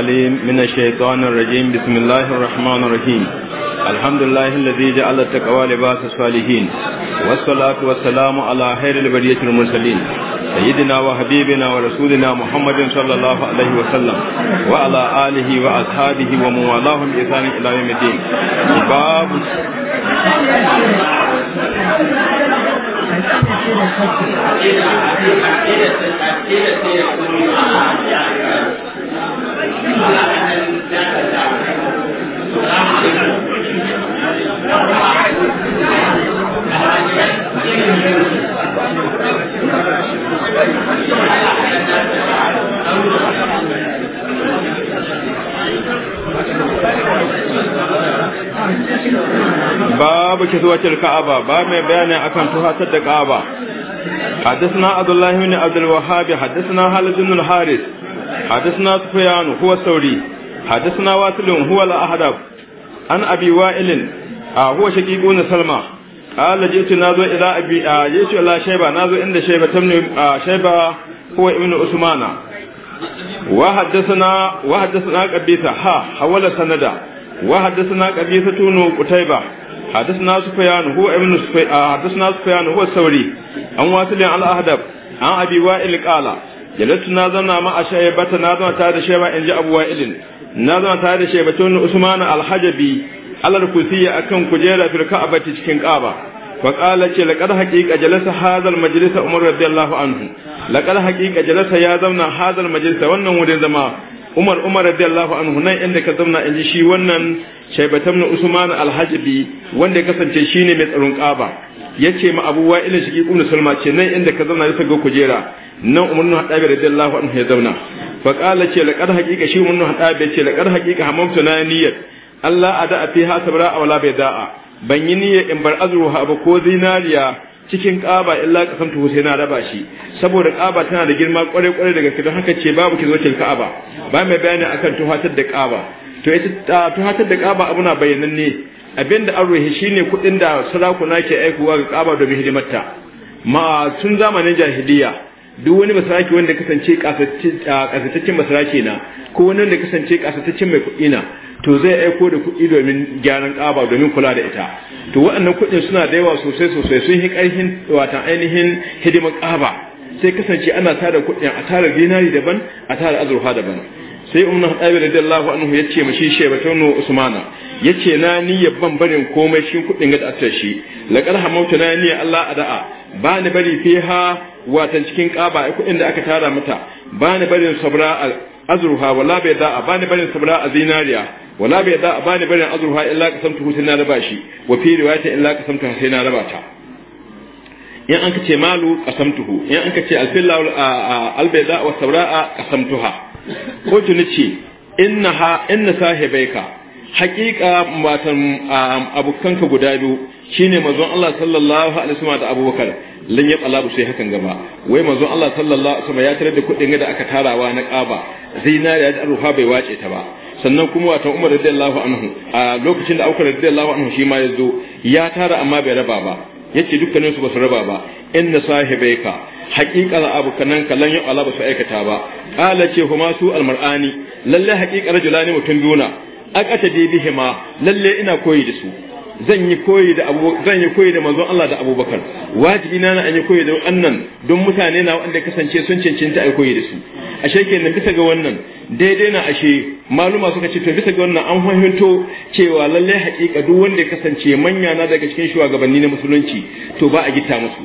العليم من الشيطان الرجيم بسم الله الرحمن الرحيم الحمد لله الذي جعل التقوى لباس الصالحين والصلاة والسلام على خير البرية المرسلين سيدنا وحبيبنا ورسولنا محمد صلى الله عليه وسلم وعلى آله وأصحابه ومن بإحسان إلى يوم الدين باب باب كسوة الكعبة باب بيان أكن تهاتد الكعبة حدثنا عبد الله بن عبد الوهاب حدثنا خالد بن الحارث حدثنا سفيان هو الثوري حدثنا واسل هو الأحدب عن أبي وائل هو شقيق بن سلمى قال جئت نازو إلى أبي جئت إلى شيبة نازو عند شيبة تمن آه شيبة هو ابن عثمان وحدثنا وحدثنا قبيسة ها حول سندا وحدثنا قبيسة بن قتيبة حدثنا سفيان هو ابن سفيان حدثنا سفيان هو الثوري عن واسل على أهدب عن أبي وائل قال jalatu na zauna ma a shaibata na zauna tare da shaiba in ji abu wa'ilin na zauna tare da wani usman alhajabi alal kusiya akan kujera fil ka'abati cikin ka'aba fa qala ce laqad haqiqa jalasa hadha majlis umar radiyallahu anhu laqad haqiqa jalasa ya zauna hadha al majlis wannan wurin zama umar umar radiyallahu anhu nan inda ka zauna in ji shi wannan shaibatan usman alhajibi wanda ya kasance shine mai tsaron kaba ce ma abubuwa ilin shi ibn sulma ce nan inda ka zauna ya ga kujera nan umar ibn hadabi radiyallahu anhu ya zauna fa qala ce laqad haqiqa shi umar ibn hadabi ce laqad haqiqa hamamtu na niyyat Allah ada fi a aw la da'a. ban yi niyyar in bar azruha ba ko zinariya cikin ƙaba illa qasamtu sai na raba shi saboda ƙaba tana da girma kwarai kwarai daga kidan haka ce babu ki zo cin ka'aba ba mai bayani akan tuhatar da ƙaba to ita tuhatar da ƙaba abuna bayyananne abinda an ruhi shine kuɗin da sarakuna ke aikowa ga ƙaba domin hidimarta ma tun zamanin jahiliya duk wani masaraki wanda kasance kasataccen masaraki na ko wani wanda kasance kasataccen mai kuɗi na to zai aiko da kuɗi domin gyaran ƙaba domin kula da ita to waɗannan kuɗin suna da yawa sosai sosai sun yi ƙarfin watan ainihin hidimar ƙaba sai kasance ana tara kuɗin a tara dinari daban a tara azurfa daban sai umar hadabi radiyallahu anhu ya ce ta shebatanu usmana ya ce na ya ban barin komai cikin kuɗin ga da shi laƙar hamauta na niyyar allah ada'a ba ni bari fiha watan cikin ƙaba kuɗin da aka tara mata ba ni barin sabra azruha wala bai da a bani barin sabra a zinariya wala bai da a bani barin azruha illa qasamtu sai na raba shi wa fi riwayatin illa qasamtu sai na raba ta in an kace malu qasamtuhu in an kace alfilla albayda wa sabra qasamtuha ko tuni ce innaha inna sahibaika haqiqa matan abokanka guda biyu shine manzon Allah sallallahu alaihi wasallam da Abubakar lan yab Allah sai hakan gaba wai manzon Allah sallallahu alaihi wasallam ya tarar da kudin da aka tarawa na ƙaba zinariya da ruha bai wace ta ba sannan kuma wato Umar radiyallahu anhu a lokacin da Abu Bakar radiyallahu anhu shi ma yazo ya tara amma bai raba ba yace dukkanin su ba su raba ba inna sahibaika haqiqa abu kanan kallan ya Allah sai su aikata ba qala ce huma su almar'ani lalle haqiqa rajulani mutun biyu na aqata bihima lalle ina koyi da su zan yi koyi da abu zan yi koyi da manzon Allah da Abubakar wajibi na an yi koyi da wannan don mutane na wanda kasance sun cancanta a koyi da su ashe kenan bisa ga wannan daidai na ashe maluma suka ce to bisa ga wannan an fahimto cewa lalle haƙiƙa duk wanda ya kasance manya na daga cikin shugabanni na musulunci to ba a gita musu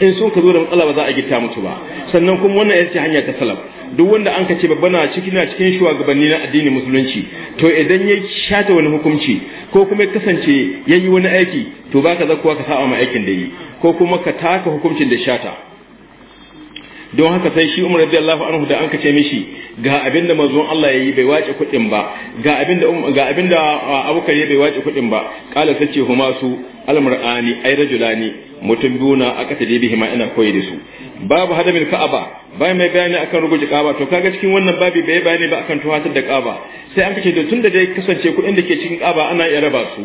in sun ka zo da matsala ba za a gita mutu ba sannan kuma wannan ya ce hanya ta salaf duk wanda an ka ce babba na cikin na cikin shugabanni na addinin musulunci to idan ya shata wani hukunci ko kuma ya kasance ya yi wani aiki to baka zakuwa ka saba ma aikin da yi ko kuma ka taka hukuncin da shata don haka sai shi umar radiyallahu anhu da an kace mishi ga abinda manzon Allah yayi bai wace kudin ba ga abinda um, ga bai wace kudin ba kala sace huma su almar'ani ay rajulani mutum biyu na aka tade bihi ma ina koyi da su babu hadamin ka'aba bai mai bayani akan ruguje ka'aba to kaga cikin wannan babi bai bayani ba akan tuhatar da ka'aba sai an kace to tunda dai kasance kudin da ke cikin ka'aba ana iya raba su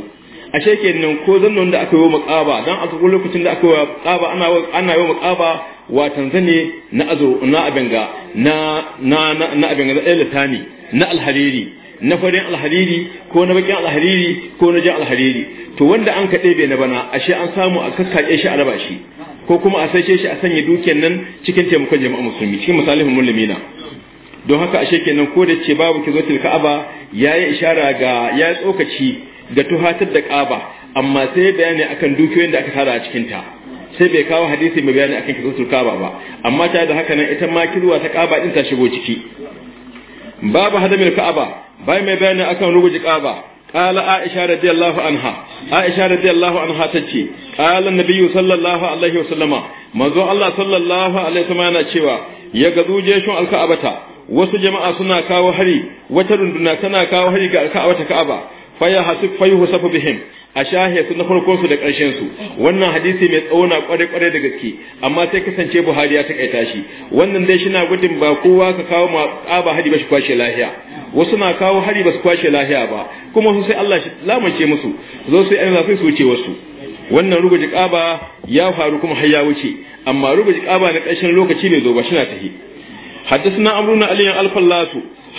ashe kenan ko zannon da aka yi wa makaba dan a cikin lokacin da aka yi wa makaba ana ana yi wa makaba wa zane na Azu na abinga na na na abinga da litani na alhariri na farin alhariri ko na bakin alhariri ko na jan alhariri to wanda an ka bai na bana ashe an samu a kakkaƙe shi a raba shi ko kuma a saishe shi a sanya dukiyar nan cikin taimakon jama'a musulmi cikin misalin mulmina don haka ashe kenan ko da ce babu kizotil ka'aba yayi ishara ga ya tsokaci da tuhatar da ka'aba amma sai bayani akan dukiyoyin da aka tara a cikin ta sai bai kawo hadisi mai bayani akan kizotil ka'aba ba amma ta da haka nan ita ma kirwa ta ka'aba din ta shigo ciki babu hadamin ka'aba bai mai bayani akan rubuji ka'aba قال عائشة رضي الله عنها عائشة رضي الله عنها تجي قال النبي صلى الله عليه وسلم منذ الله صلى الله عليه وسلم cewa ya gazu jeshin alka'abata wasu jama'a suna kawo hari wata runduna tana kawo hari ga ka'aba ta ka'aba faya hasu fayu bihim a shahe su na farkon su da ƙarshen su wannan hadisi mai na kware kware da gaske amma sai kasance Buhari ya taƙaita shi wannan dai shina gudun ba kowa ka kawo ma tsaba hari ba shi kwashe lahiya wasu na kawo hari ba su kwashe lahiya ba kuma su sai Allah shi lamace musu zo sai an zafi su wuce wasu wannan ruguji ƙaba ya faru kuma har ya wuce amma ruguji ƙaba na ƙarshen lokaci mai zo ba shi na tafi حدثنا عمرو بن علي الفلاس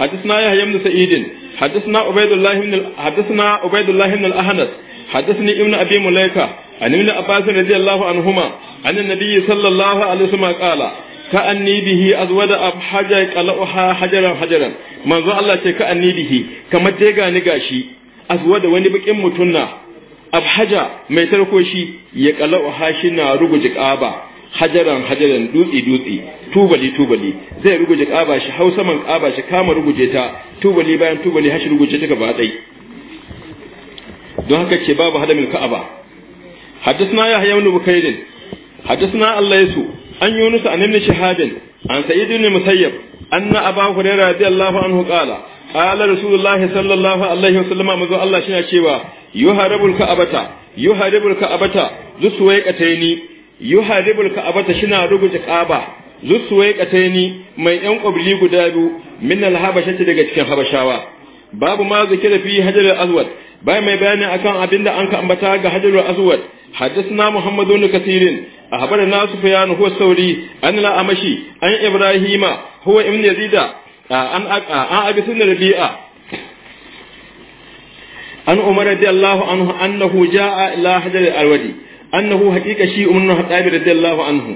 حدثنا يحيى بن سعيد حدثنا عبيد الله بن حدثنا عبيد الله بن الاحنس حدثني ابن ابي مليكه عن ابن عباس رضي الله عنهما عن النبي صلى الله عليه وسلم قال كأني به أزود أب حجر قلعها حجرا حجرا من ذا الله كأني به كما تيغا نغاشي أزود وني بكين متنا أب حجر ميتركوشي يقلعها شنا رغجك آبا Hajaran hajaran dutsi dutsi tubali tubali zai ruguje rubuce kaba shi Hausaman kaba shi kama rubuce ta tubali bayan tubali haci rubuce cika baɗai. Don haka ke babu halamin ka'aba. Haddasu na ya haya wani buƙa'idin. Haddasu Allah ya an yunusa waɗansu a namiji an sa'idu ne mu sayar. An na'a baku rai Rabi'u Allah an Sallallahu alaihi wa sallama amma zaɓe Allah suna cewa yoha ka'abata yoha rabu ka'abata zan su waiƙa yuhadibul ka'aba ta shina rubuta kaba zuwa yakataini mai yan kwabli guda biyu min alhabashati daga cikin habashawa babu ma zake fi hajar aswad bai mai bayani akan abin da an ka ambata ga hajar aswad hadisna muhammadu ibn kathirin ahbara nasu bayan huwa sauri an la amashi an ibrahima huwa ibn yazida an aqa an abisun sunna rabi'a an umar radiyallahu anhu annahu jaa ila hajar alwadi annahu haqiqa shi umar ibn khattab radiyallahu anhu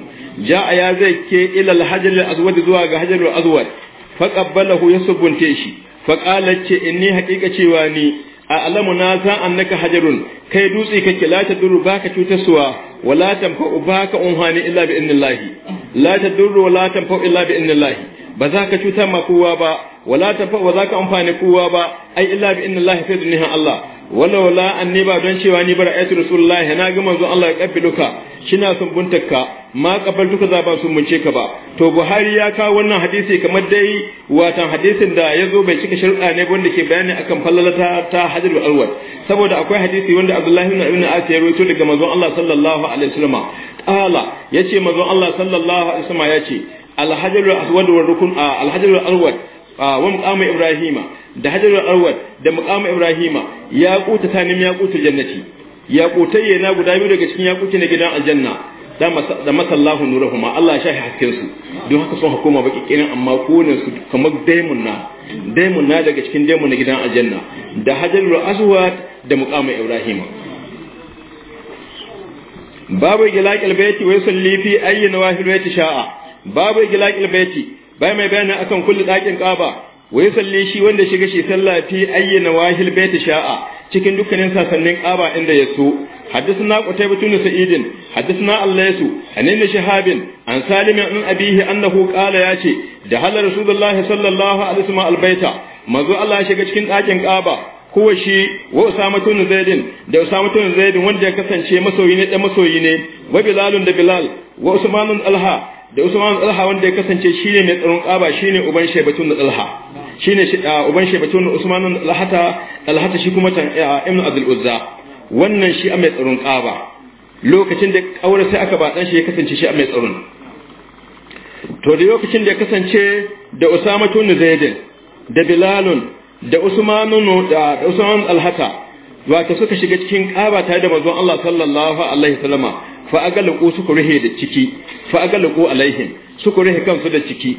jaa ya zai ke ila al-hajar al-aswad zuwa ga hajar al-aswad fa qabbalahu yasbunte shi fa qala ce inni haqiqa cewa ni alamu na san annaka hajarun kai dutse kake la ta duru baka cutarsuwa wala tanfa baka unhani illa bi idnillahi la duru wala tanfa illa bi idnillahi ba za ka cuta ma kowa ba wala ta ba za ka amfani kowa ba ai illa bi inna Allah sayyidun Allah wala wala anni ba don cewa ni bara ayatu rasulullahi na ga manzo Allah ya kabbiluka shina son buntaka. ma duka za ba sun munce ka ba to Buhari ya kawo wannan hadisi kamar dai watan hadisin da ya zo bai cika sharuɗa ne wanda ke bayani akan fallalata ta hajarul alwad saboda akwai hadisi wanda Abdullahi ibn Ibn Asi ya rawaito daga manzo Allah sallallahu alaihi wasallam qala yace manzo Allah sallallahu alaihi wasallam yace alhajarul aswad wa rukun ah, alhajarul aswad ah, wa muqama ibrahima da hajarul aswad da muqama ibrahima ya kuta tanim ya kuta jannati ya kutayye na guda biyu daga cikin yakuti na gidan aljanna da masallahu nuruhuma Allah ya shahi hakkin su don haka sun hukuma baki kirin amma konin su kamar daimun na daimun na daga cikin daimun na gidan aljanna da hajarul aswad da muqama ibrahima babu gilaqil bayti wa yusalli fi ayyi nawahil wa sha'a babu igilaqil baiti bai mai bayani akan kulle ɗakin ƙaba? wa salli shi wanda shiga shi sallah fi ayyana wahil baiti sha'a cikin dukkanin sasannin kaba inda ya so حدثنا قتيبة بن سعيد حدثنا الليث عن ابن شهاب عن سالم عن أبيه أنه قال ياتي دخل رسول الله صلى الله عليه وسلم البيت Allah الله shiga cikin ɗakin ƙaba kuwa shi wa Usama bin Zaidin da Usama bin Zaidin wanda ya kasance masoyi ne da masoyi ne wa Bilalun da Bilal wa Usmanun Alha da Usman Talha wanda ya kasance shine mai tsaron Kaba shine uban Shaybatun Talha shine ah, uban Shaybatun Usman Talhata Talhata shi kuma ah, Ibn Abdul Uzza wannan shi mai tsaron Kaba lokacin da kaura sai aka ba dan shi ya kasance shi mai tsaron to da lokacin da ya kasance da Usama tun Zaid da Bilalun da usman da Usman Talhata wato suka shiga cikin Kaba tare da manzon Allah sallallahu alaihi wasallama fa agalaku suka ruhe da ciki fa alaihin. alaihim suka ruhe kansu da ciki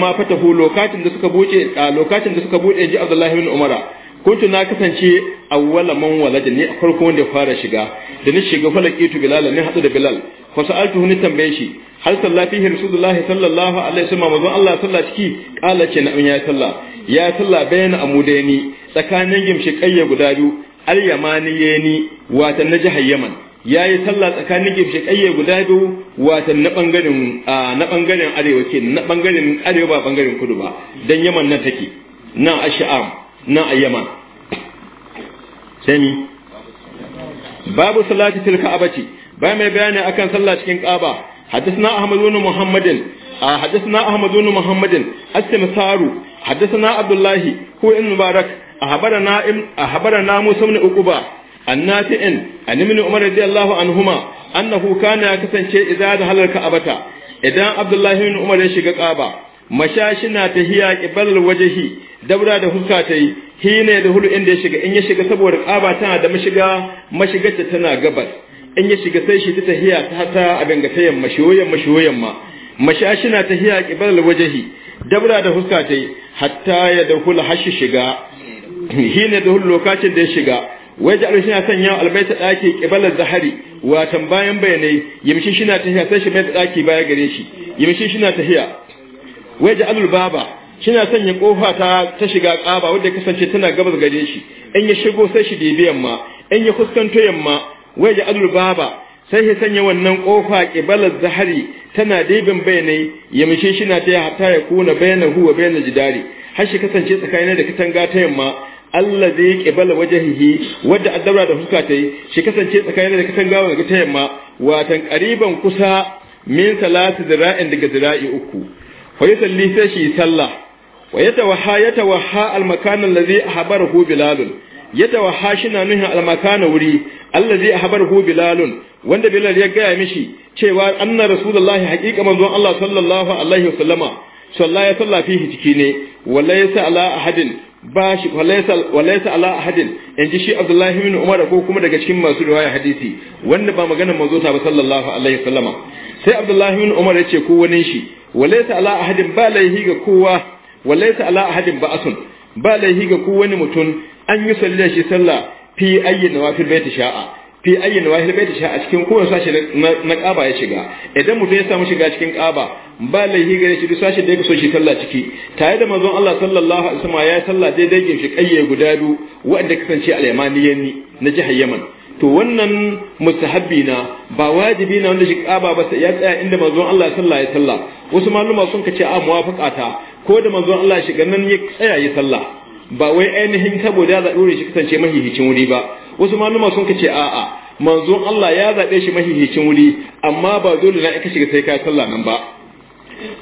ma fata hu lokacin da suka buce lokacin da suka bude ji Abdullahi bin Umara kuntu na kasance awwala man walada ne a farko wanda ya fara shiga da ni shiga falakitu bilal ne hadu da bilal fa sa'altuhu ni tambaye shi hal sallati fihi Rasulullahi sallallahu alaihi wasallam mazo Allah sallah ciki kala ce na ya sallah ya sallah bayan amudaini tsakanin gimshi kayya guda biyu al yamaniyeni wata na jihar yaman ya yi sallah tsakanin gimshiƙayye guda biyu watan na ɓangaren na ɓangaren arewa ke na ɓangaren arewa ba ɓangaren kudu ba don yaman nan take nan a sha'am nan a yaman sani babu salati tilka abaci ba mai bayani akan sallah cikin ƙaba حدثنا Ahmadu بن محمد حدثنا أحمد بن محمد السمسار حدثنا عبد الله هو ابن مبارك أخبرنا أخبرنا موسى بن عقبة annati'in an ibn umar radiyallahu anhuma annahu kana ya kasance idza da halarka abata idan abdullahi ibn umar ya shiga kaba mashashi na tahiya qibalal wajhi dabra da huska tai hine da hulu inda ya shiga in ya shiga saboda kaba tana da mashiga mashigarta tana gabas in ya shiga sai shi ta tahiya ta hata abin ga yamma mashoyan mashoyan ma mashashi na tahiya qibalal wajhi dabra da huska tai hatta ya da hashi shiga hine da hulu lokacin da ya shiga waje alu shi na sanya albaita daki qibala zahari wa bayan bayanai yamshi shi na tahiya sai shi mai daki baya gare shi yamshi shi na tahiya waje alul baba shi na sanya kofa ta ta shiga kaba wanda kasance tana gabas gare shi in ya shigo sai shi dibi yamma in ya kuskanto yamma waje alul baba sai ya sanya wannan kofa qibala zahari tana dibin bayanai yamshi shi na tahiya hatta ya kuna bayanahu wa bayanal jidari har shi kasance tsakanin da katanga ta yamma Allah zai kibala wajahihi wadda addabra da fuska ta yi shi kasance tsakanin da kasan katanga ga ta yamma watan qariban kusa min salati zira'in daga zira'i uku fa salli sai shi sallah wa ya tawaha al-makan alladhi ahbarahu bilalun shi na nuhin al-makan wuri alladhi ahbarahu bilalun wanda bilal ya gaya mishi cewa anna rasulullahi haqiqa manzon Allah sallallahu alaihi wasallama sallah ya sallah fihi ciki ne ya sa ala ahadin ba shi walaisa ala ahadin in ji shi abdullahi bin umar ko kuma daga cikin masu riwaya hadisi wanda ba maganar manzo ta ba sallallahu alaihi wasallama sai abdullahi bin umar ya ce ko wani shi walaisa ala ahadin ba laihi ga kowa walaisa ala ahadin ba asun ba laihi ga ko wani mutum an yi sallah shi sallah fi ayyin nawafil bai ta sha'a fi ayyin wahil bai ta a cikin kowane sashe na kaba ya shiga idan mutum ya samu shiga cikin kaba ba laihi gare shi duk sashe da ya so shi sallah ciki tare da manzon Allah sallallahu alaihi wasallam ya sallah daidai gin shi kayye guda biyu wanda kasance al ni na jihar Yaman to wannan mustahabbi na ba wajibi na wanda shi kaba ba ya tsaya inda manzon Allah sallallahu alaihi wasallam wasu maluma sun kace a muwafaka ta, ko da manzon Allah shiga nan ya tsaya ya sallah ba wai ainihin saboda za a dore shi kasance mahihicin wuri ba wasu maluma sun ce a'a manzon Allah ya zaɓe shi mahihicin wuri amma ba dole na aka shiga sai ka sallah nan ba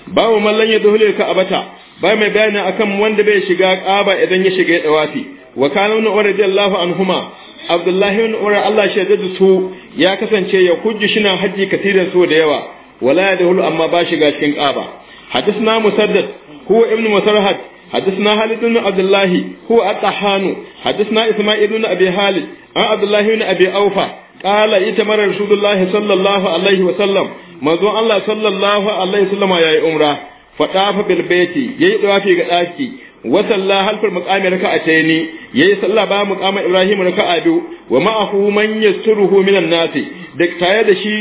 ba mu mallan ya dole ka abata ba mai bayani akan wanda bai shiga kaba idan ya shiga ya dawafi wa kana ibn umar radiyallahu anhuma abdullahi ibn umar Allah shi da su ya kasance ya hujji shina haji katiran so da yawa wala ya dahulu amma ba shiga cikin kaba hadisna musaddad هو ابن مسرهد حدثنا خالد بن عبد الله هو الطحان حدثنا اسماعيل بن ابي خالد عن عبد الله بن ابي اوفى قال اتمر رسول الله صلى الله عليه وسلم manzon Allah sallallahu alaihi wasallama yayi umra fa tafa bil baiti yayi dawafi ga daki wa salla halfal muqami raka'ataini yayi sallah ba muqama ibrahim raka'a biyu wa ma'ahu man yasturuhu minan nasi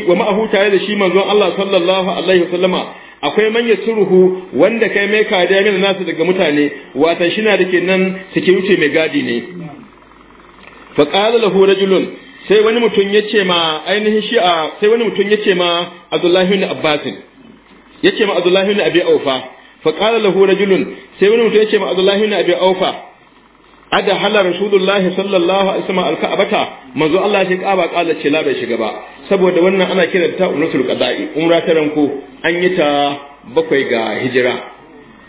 wa ma'ahu tare da shi manzon Allah akwai manya suruhu wanda kai mai kariya min nasu daga mutane watan shi na da ke nan security mai gadi ne fa qala lahu rajulun sai wani mutum ya ce ma ainihin a sai wani mutum ya ce ma Abdullahi ibn Abbas ya ce ma Abdullahi ibn Abi Aufa fa qala lahu rajulun sai wani mutum ya ce ma Abdullahi ibn Abi Aufa ada hala rasulullahi sallallahu alaihi wasallam alka'abata manzo Allah shi kaba kala ce la bai shiga ba saboda wannan ana kiranta umratul qada'i umra ta ranko an yi ta bakwai ga hijira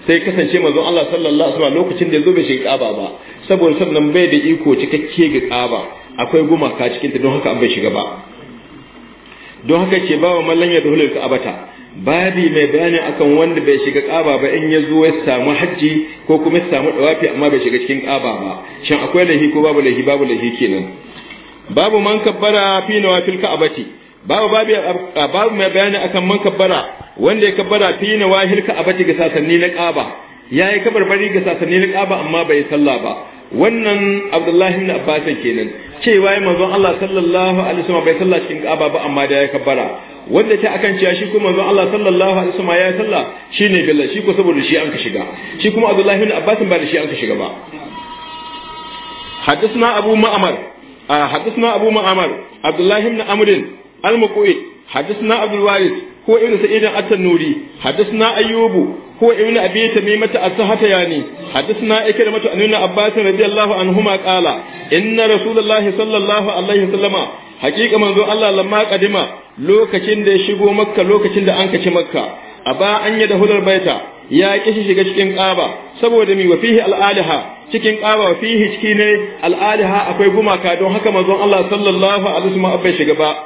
sai kasance manzon Allah sallallahu alaihi wasallam lokacin da zo bai shiga Kaaba ba saboda sannan bai da iko cikakke ga Kaaba akwai gumaka cikin ta don haka an bai shiga ba don haka ce bawa mallan ya dole abata babi mai bayani akan wanda bai shiga kaba ba in ya zo ya samu haji ko kuma ya samu dawafi amma bai shiga cikin kaba ba shin akwai lahi ko babu lahi babu lahi kenan babu man kabbara fi nawafil ka'abati babu babu babu mai bayani akan man kabbara wanda ya kabbara fi nawafil ka'abati ga sasanni na Kaaba yayi kabarbari ga sasanni na Kaaba amma bai sallah ba wannan Abdullahi ibn Abbas kenan cewa ya manzon Allah sallallahu alaihi wasallam bai sallah cikin Kaaba ba amma da ya kabbara wanda ta akan cewa shi kuma manzon Allah sallallahu alaihi wasallam ya sallah shine billah shi ko saboda shi an ka shiga shi kuma Abdullahi ibn Abbas ba da shi an ka shiga ba حدثنا أبو مأمر حدثنا أبو معمر عبد الله بن عمرو المقوي حدثنا عبد الوارث هو ابن سعيد التنوري حدثنا أيوب هو ابن أبي تميمة السهتياني حدثنا إكرمة أن ابن عباس رضي الله عنهما قال إن رسول الله صلى الله عليه وسلم حقيقة من ذو الله لما قدم لوكشن دي شبو مكة لوكشن دي أنكش مكة أبا أن يدهل البيت ya kishi shiga cikin ƙaba saboda mi wa fihi al'aliha cikin ƙaba wa fihi ciki ne al'aliha akwai gumaka don haka manzon Allah sallallahu alaihi wasallam bai shiga ba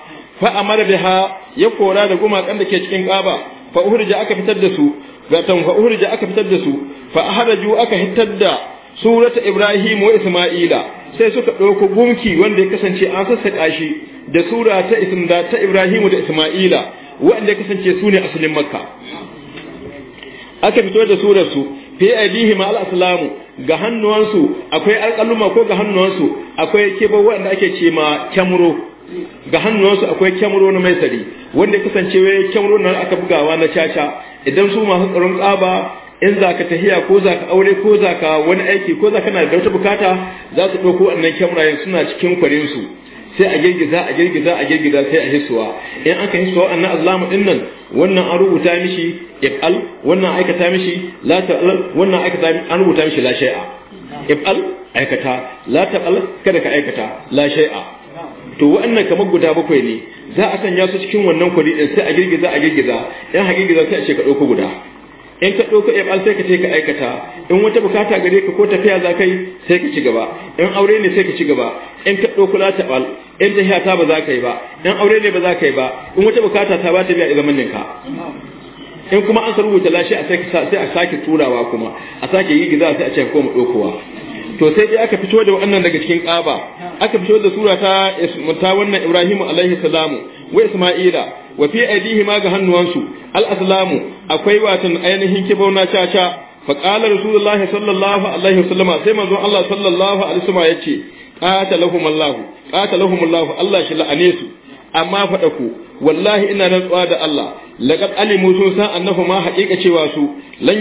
fa amara biha ya kora da gumakan da ke cikin ƙaba fa uhrija aka fitar da su gatan fa uhrija aka fitar da su fa ahraju aka hitar da surata Ibrahim wa Isma'ila sai suka ɗauko gunki wanda ya kasance an sassaƙa shi da sura ta Ibrahim da Isma'ila wanda ya kasance su ne asalin Makka aka fito da su su fi aidihim al aslamu ga hannuwansu akwai alƙaluma ko ga hannuwansu akwai kibo wanda ake ce ma ga hannuwansu akwai kyamaro na mai sari wanda kasance wai kyamro na aka bugawa na caca idan su masu tsaron tsaba in za ka tahiya ko za ka aure ko za ka wani aiki ko za ka na da wata bukata za su ɗauko wannan kyamrayen suna cikin kwarin su sai a girgiza a girgiza a girgiza sai a hisuwa in aka hisuwa annan azlamu din nan wannan an rubuta mishi ifal wannan aikata mishi la ta wannan aikata an rubuta mishi la shay'a ifal aikata la ta'al kada ka aikata la shay'a to wannan kamar guda bakwai ne za a sanya su cikin wannan kwari din sai a girgiza a girgiza in a girgiza sai a ce ka dauko guda in ka ɗauka ifal sai ka ce ka aikata in wata bukata gare ka ko tafiya za kai sai ka ci gaba in aure ne sai ka ci gaba in ka ɗauka la ta'al in tafiya ta ba za ka yi ba in aure ne ba za ka yi ba in wata bukata ta ba ta biya zaman ninka in kuma an rubuta lashe a sai a sake turawa kuma a sake yi giza sai a ce koma ɗaukowa to sai dai aka fito da wannan daga cikin ƙaba aka fito da sura ta ta wannan Ibrahim alaihi salamu wa Isma'ila wa fi aidihi ma ga hannuwansu al aslamu akwai watan ainihin na caca fa qala rasulullahi sallallahu alaihi wasallam sai manzon Allah sallallahu alaihi wasallam yace qatalahum Allah qatalahum Allah Allah shi la'ane su amma faɗa ku wallahi ina rantsuwa da Allah laqad alimu sun san annahu ma haqiqa cewa su lan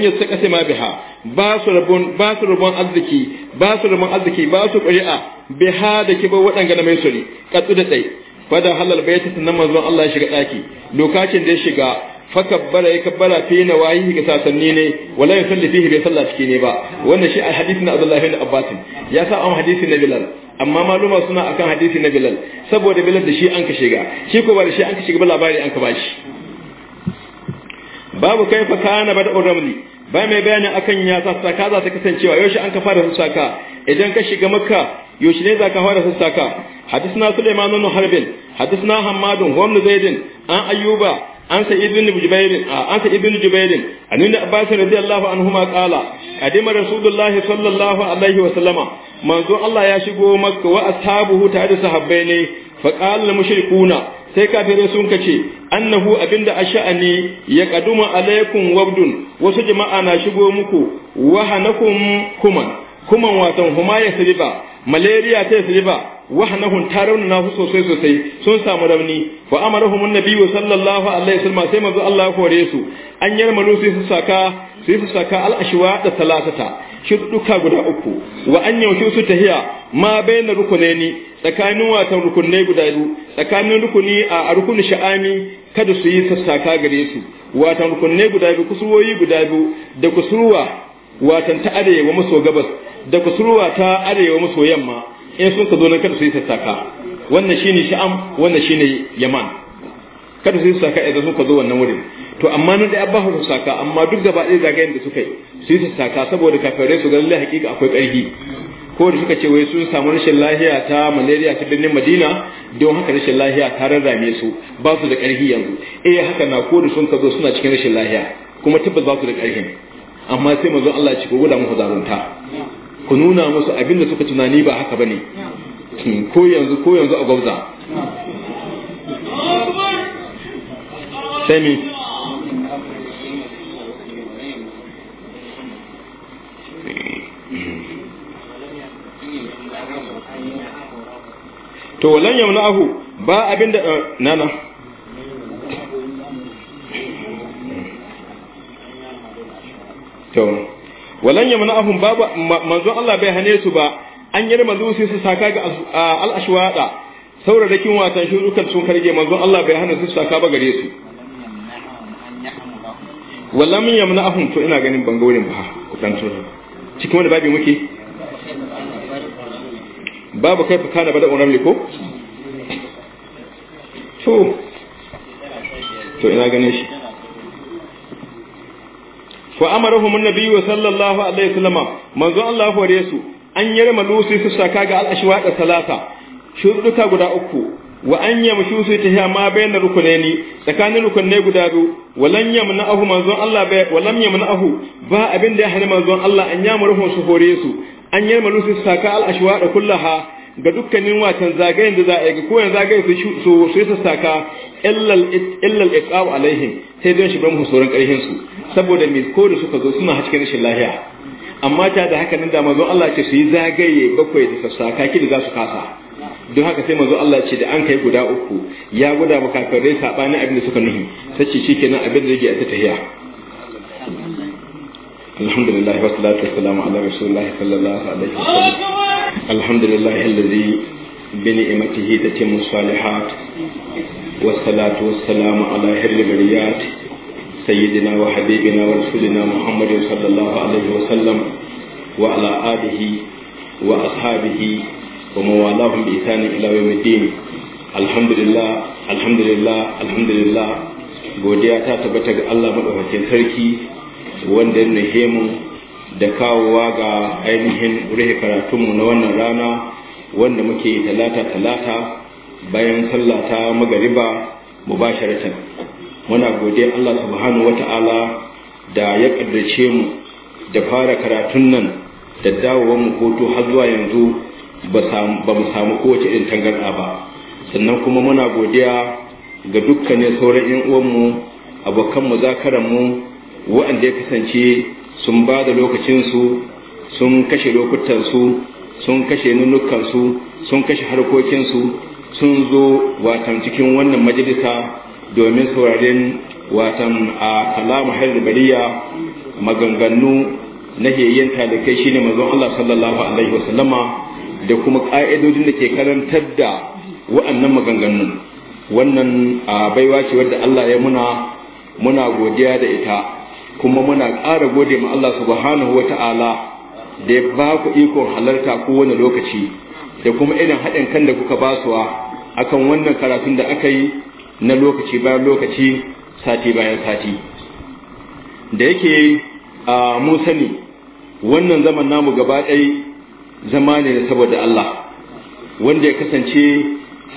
ma biha ba su rabon ba su arziki ba su rabon arziki ba su qari'a biha da kiba wadanga na mai suri katsu da tsai da halal bayyata sannan manzon Allah ya shiga daki lokacin da ya shiga fakabbara ya kabbara fi na wayi ga sasanni ne wala ya salli fihi bai salla ciki ne ba wannan shi a hadisin Abdullahi bin Abbas ya sa an hadisi na Bilal amma maluma suna akan hadisi na Bilal saboda Bilal da shi an ka shiga shi ko ba da shi an ka shiga ba labari an ka bashi babu kai fa kana bada ramli bai mai bayani akan ya sassaka za ta kasancewa yaushe an ka fara sassaka idan ka shiga makka yaushe ne za ka fara sassaka hadisna Sulaiman bin Harbin hadisna Hammadun wa Zaidin an Ayyuba an sa ibn jubair an sa ibn jubair manzo Allah ya shigo makka tare da sahabbai ne sai kafirai sun kace annahu abinda asha'ani ya qaduma alaikum wabdun wasu jama'a na shigo muku wa kuman kuman watan siriba malaria ta siriba wahanahun ta raunana su sosai sosai sun samu rauni wa amarahum annabiyyu sallallahu alaihi wasallam sai manzo Allah ya kore su an yarmalu sai su saka sai su saka al-ashwa da talatata shirduka guda uku wa an yaushi su tahiya ma bayna rukunaini tsakanin watan rukunai guda biyu tsakanin rukuni a rukunin sha'ani kada su yi sassaka gare su watan rukunai guda biyu kusurwoyi guda biyu da kusurwa watan ta arewa maso gabas da kusurwa ta arewa maso yamma in sun ka zo nan kada su yi sassaka wannan shi ne sha'am wannan shi ne yaman kada su yi sassaka idan sun ka zo wannan wurin to amma nan da abba su sassaka amma duk gaba ɗaya zagayen da suka yi su yi sassaka saboda kafirai su ga lallai hakika akwai ƙarfi ko da suka ce wai sun samu rashin lahiya ta malaria ta birnin madina don haka rashin lahiya ta rarrame su ba su da ƙarfi yanzu eh haka na ko da sun ka zo suna cikin rashin lahiya kuma tabbas ba su da ƙarfi amma sai manzo Allah ya ci ko muku zarunta ku nuna musu abin da suka tunani ba haka bane ko yanzu ko yanzu a gwabza sai to walan ahu ba abinda eh, nana to walan yamna'ahum babu manzon Allah bai hane su ba an yi manzo sai su saka ga al-ashwada kin watan shurukan sun karge manzon Allah bai hana su saka ba gare su mana yamna'ahum to ina ganin ban gaurin ba ku to cikin wani babi muke babu kai fuka da bada unar ko to to ina ganin shi fa amarahum annabiyyu sallallahu alaihi wasallam manzo Allah hore su an yarma lusi su saka ga al-ashwaq salata shuruka guda uku wa an yamshu su ta ma bayna rukunaini tsakanin rukunai guda biyu walan yamna'ahu manzon Allah bai walam ahu ba abin da ya hana manzon Allah an yamu ruhun su hore su an yarma lusi su saka al da kullaha ga dukkanin wacan zagayen da za a yi kowane zagayen su su yi sassaka illal iqab alaihim sai don shigar musu sauran karhin su saboda me ko da suka zo suna cikin rashin lahiya amma ta da haka nan da manzo Allah ce su yi zagaye bakwai da sassaka kidi za su kasa don haka sai manzo Allah ce da an kai guda uku ya guda makafirai sabanin abin da suka nuhi sace shikenan abin da yake a tahiya alhamdulillah wassalatu wassalamu ala rasulillah sallallahu alaihi wasallam الحمد لله الذي بنعمته تتم الصالحات والصلاة والسلام على هر البريات سيدنا وحبيبنا ورسولنا محمد صلى الله عليه وسلم وعلى آله وأصحابه وموالاهم بإحسان إلى يوم الدين الحمد لله الحمد لله الحمد لله godiya ta tabbata ga Allah madaukakin sarki wanda ya nuhe mu da kawowa ga ainihin rufe karatunmu na wannan rana wanda muke talata talata bayan sallata magariba mu ba sharatan muna godiya Allah subhanahu wata'ala da ya kaddace mu da fara karatun nan da dawowar mu hoto har zuwa yanzu ba mu samu kowace irin tangarɗa ba sannan kuma muna godiya ga dukkanin sauran 'yan uwanmu abokan mu zakaran mu waɗanda ya kasance sun ba da lokacinsu sun kashe lokutansu sun kashe nunukansu sun kashe harkokinsu sun zo watan cikin wannan majalisa domin sauraren watan a kalamu bariya maganganu na hiyayyen talikai shine mazan Allah sallallahu alaihi wasallama da kuma ƙa'idodin da ke karantar da wa'annan maganganun wannan a baiwa ce wadda Allah ya muna muna godiya da ita kuma muna ƙara gode ma Allah subhanahu wa ta'ala da ya ba ku ikon halarta kowane lokaci da kuma irin haɗin kan da kuka basuwa akan wannan karatun da aka yi na lokaci bayan lokaci sati bayan sati da yake a mun sani wannan zaman namu gaba ɗai zama ne da saboda Allah wanda ya kasance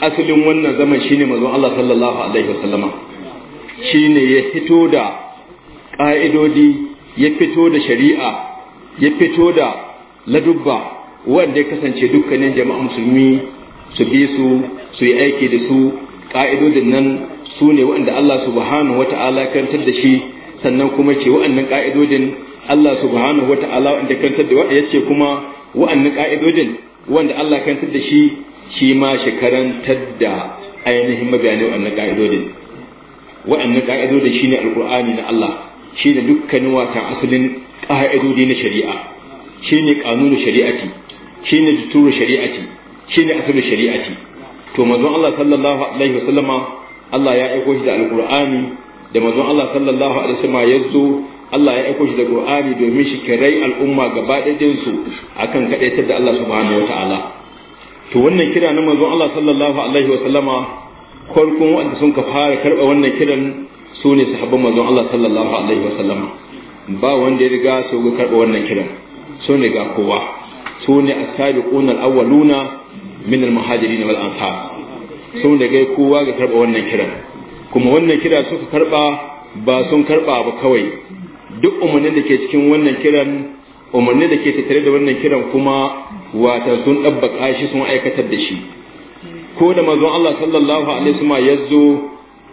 asalin wannan zaman shine manzon Allah sallallahu alaihi wasallama shine ya fito da ƙa'idodi ya fito da shari'a ya fito da ladubba wanda ya kasance dukkanin jama'a musulmi su bi su su yi aiki da su ƙa'idodin nan su ne waɗanda Allah subhanahu wa ta'ala karantar da shi sannan kuma ce waɗannan ƙa'idodin Allah subhanahu wa ta'ala waɗanda karantar da ya ce kuma waɗannan ƙa'idodin wanda Allah kantar da shi shi ma shi karantar da ainihin mabiyanai waɗannan ƙa'idodin waɗannan ƙa'idodin ne alƙur'ani na Allah shi da dukkanin watan asalin ƙa'idodi na shari'a shi ne ƙanunin shari'ati shi ne juturu shari'ati shi ne asalin shari'ati to manzon Allah sallallahu alaihi wasallam Allah ya aiko shi da alqur'ani da manzon Allah sallallahu alaihi wasallam ya zo Allah ya aiko shi da qur'ani domin shi kirai al'umma gaba ɗayan su akan kadaitar da Allah subhanahu wataala to wannan kira na manzon Allah sallallahu alaihi wasallam farkon wanda sun ka fara karɓa wannan kiran su ne sahabban manzon Allah sallallahu alaihi wasallam ba wanda ya riga su ga karɓa wannan kiran su ne ga kowa su ne as-sabiquna al-awwaluna min al-muhajirin wal ansar su ne ga kowa ga karɓa wannan kiran kuma wannan kira suka karɓa ba sun karɓa ba kawai duk umarnin da ke cikin wannan kiran umarni da ke tattare da wannan kiran kuma wata sun ɗabbaka shi sun aikatar da shi ko da mazan Allah sallallahu alaihi wasallam ya zo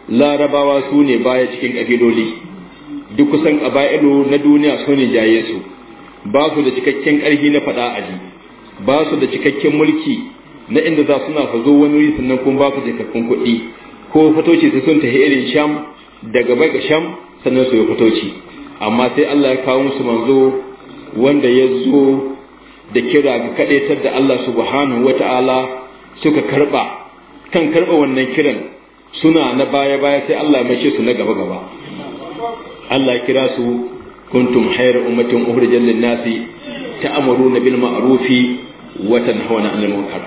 larabawa su ne baya cikin ƙabiloli duk kusan ƙaba'ilu na duniya su ne jaye su ba su da cikakken ƙarfi na faɗa aji ba su da cikakken mulki na inda za suna na zo wani wuri sannan kuma ba su cikakkun kuɗi ko fatoci su sun tafi irin sham daga bai sham sannan su yi fatoci amma sai Allah ya kawo musu manzo wanda ya zo da kira ga kaɗaitar da Allah subhanahu wata'ala suka karɓa kan karɓa wannan kiran suna na baya baya sai Allah ya mace su na gaba gaba Allah ya kira su kuntum khayra ummatin ukhrijat lin-nasi ta'muruna bil ma'rufi wa tanhauna 'anil munkar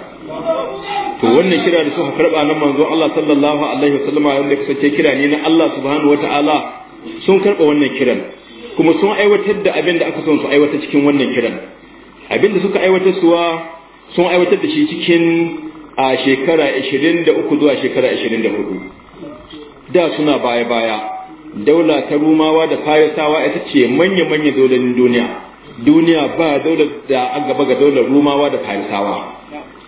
to wannan kira da suka karba nan manzo Allah sallallahu alaihi wasallama wanda kasance kira ne na Allah subhanahu wata'ala sun karba wannan kiran kuma sun aiwatar da abin da aka son su aiwata cikin wannan kiran abin da suka aiwatar suwa sun aiwatar da shi cikin a shekara 23 zuwa shekara 24 da suna baya-baya daula ta rumawa da farisawa ita ce manya-manya daularin duniya duniya ba daular da an gaba ga daular rumawa da farisawa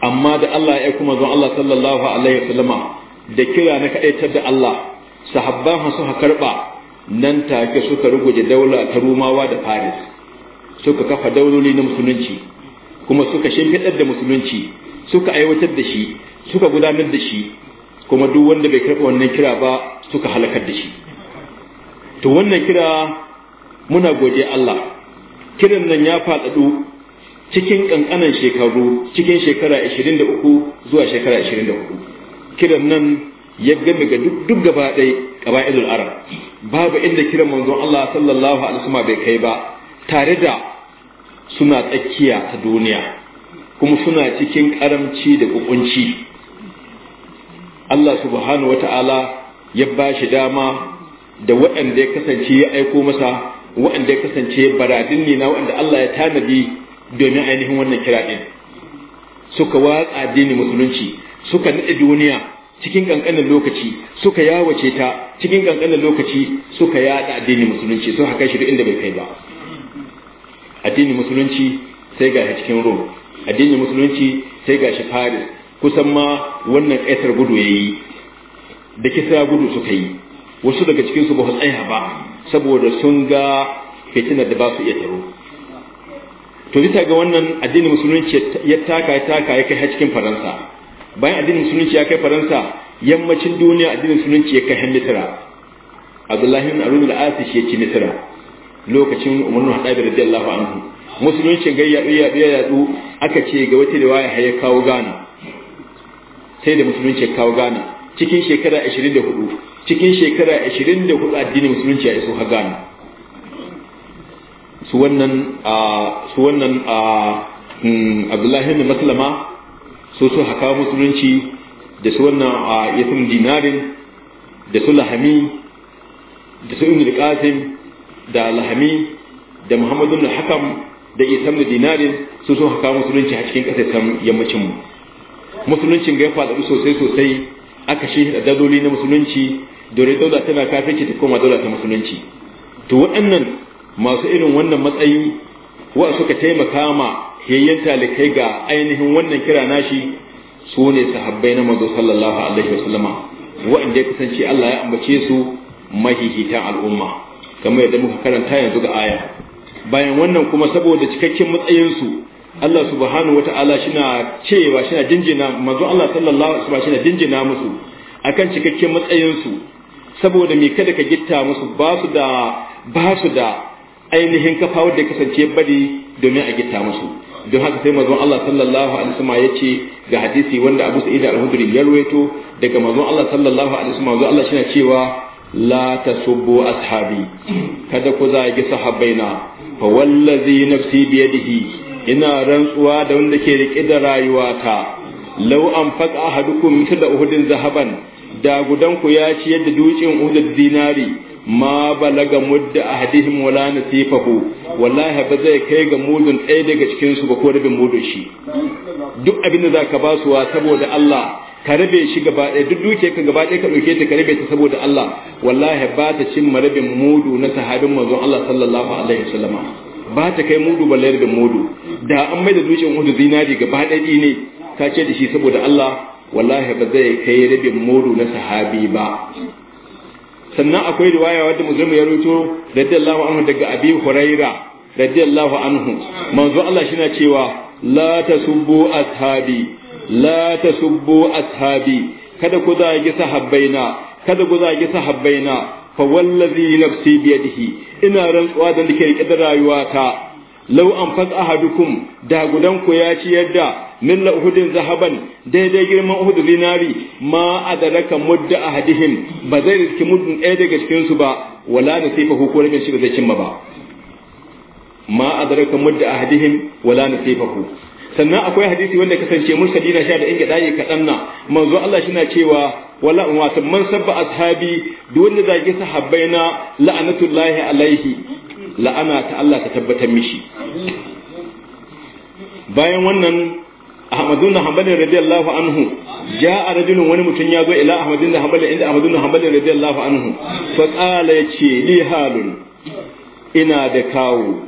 amma da Allah ya kuma zuwa Allah sallallahu alaihi wasallama da kira na kaɗaitar da Allah sahabban su ha karɓa nan take suka ruguje daula ta rumawa da faris suka kafa dauloli na musulunci kuma suka shimfiɗar da musulunci suka aiwatar da shi suka gudanar da shi kuma duk wanda bai karɓa wannan kira ba suka halakar da shi to wannan kira muna gode Allah kiran nan ya faɗaɗu cikin ƙanƙanan shekaru cikin shekara 23 zuwa shekara 24 kiran nan ya game ga duk gaba ɗai ƙaba'idul arab babu inda kiran manzon Allah sallallahu alaihi wasallam bai kai ba tare da suna tsakiya ta duniya kuma suna cikin karamci da kukunci Allah subhanahu wata'ala ya ba shi dama da waɗanda ya kasance ya aiko masa waɗanda ya kasance baradin ne na waɗanda Allah ya tanadi domin ainihin wannan kira ɗin suka watsa addinin musulunci suka naɗe duniya cikin ƙanƙanin lokaci suka yawace ta cikin ƙanƙanin lokaci suka yaɗa addinin musulunci sun haka shi inda bai kai ba addinin musulunci sai ga cikin rom addinin musulunci sai gashi fari kusan ma wannan kaisar gudu yayi da kisa gudu suka yi wasu daga cikin su ba su tsaya ba saboda sun ga fitinar da ba su iya taro to bisa ga wannan addinin musulunci ya taka ya taka ya kai cikin Faransa bayan addinin musulunci ya kai Faransa yammacin duniya addinin musulunci ya kai Misira. Abdullahi bin Arun al-Asi shi ya ci Misira. lokacin umarnu Hadabi radiyallahu anhu musulunci ga yaɗu yaɗu ya aka ce ga wata riwaya har ya kawo gana sai da musulunci ya kawo gana cikin shekara 24 cikin shekara 24 addinin musulunci ya iso har gana su wannan su wannan hmm, Abdullahi bin Maslama su su haka musulunci da su wannan yatim dinarin da su lahami da su ibn qasim da lahami da muhammadun hakam da isan dinarin su sun haka musulunci a cikin ƙasashen yammacin mu musuluncin ga ya faɗaɗu sosai sosai aka shi da daloli na musulunci dore daula tana kafirci ta koma daula ta musulunci to waɗannan masu irin wannan matsayi wa suka taimaka ma yayyan talikai ga ainihin wannan kira nashi su ne sahabbai na manzo sallallahu alaihi wasallama waɗanda ya kasance Allah ya ambace su mahihitan al'umma kamar yadda muka karanta yanzu ga aya bayan wannan kuma saboda cikakken matsayinsu Allah subhanahu wata'ala shina cewa shina jinjina manzo Allah sallallahu alaihi wasallam shina jinjina musu akan cikakken matsayinsu saboda me kada ka gitta musu ba su da ba su da ainihin kafa wanda ya kasance bari domin a gitta musu don haka sai manzo Allah sallallahu alaihi wasallam ya ce ga hadisi wanda Abu Sa'id al-Khudri ya rawaito daga manzo Allah sallallahu alaihi wasallam manzo Allah shina cewa la tasubbu ashabi kada ku zagi sahabbaina fa wallazi nafsi biyadihi ina rantsuwa da wanda ke rike da rayuwata law an faqa ahadukum da uhudin zahaban da gudan ku ya ci yadda dukin uhudin dinari ma balaga mudda ahadihim wala nasifahu wallahi ba zai kai ga mudun ɗaya daga cikin su ba ko rabin mudun shi duk abin da zaka basuwa saboda Allah ka rabe shi gaba ɗaya duk duke ka gaba ɗaya ka ɗauke ta ka rabe ta saboda Allah wallahi ba ta cin marabin mudu na sahabin manzon Allah sallallahu alaihi wasallam ba ta kai mudu balle da mudu da an mai da dukiyar mudu zinari gaba ɗaya ne ka ce da shi saboda Allah wallahi ba zai kai rabin mudu na sahabi ba sannan akwai riwaya wadda muslim ya rubuto radiyallahu anhu daga abi huraira radiyallahu anhu manzo Allah shi na cewa la tasubbu ashabi la tasubbu ashabi kada ku zagi sahabbaina kada ku zagi sahabbaina fa wallazi nafsi biyadihi ina rantsuwa da nake rike da rayuwata law an fas ahadukum da gudan ku ya ci yadda min la uhudin zahaban daidai girman uhud dinari ma adaraka mudda ahadihim ba zai riski muddin ɗaya daga cikin su ba wala nasifa ko rabin shi ba zai cimma ba ma adaraka mudda ahadihim wala nasifahu sannan akwai hadisi wanda kasance mursali na sha da inga gida kaɗan na manzo Allah shi na cewa wala in wato man sabba ashabi duk wanda zage sahabbai na la'anatullahi alaihi la'ana ta Allah ta tabbatar mishi bayan wannan Ahmadu na Hanbali radiyallahu anhu ja'a rajulun wani mutum ya zo ila Ahmadu na Hanbali inda Ahmadu na Hanbali radiyallahu anhu fa qala yace li halun ina da kawo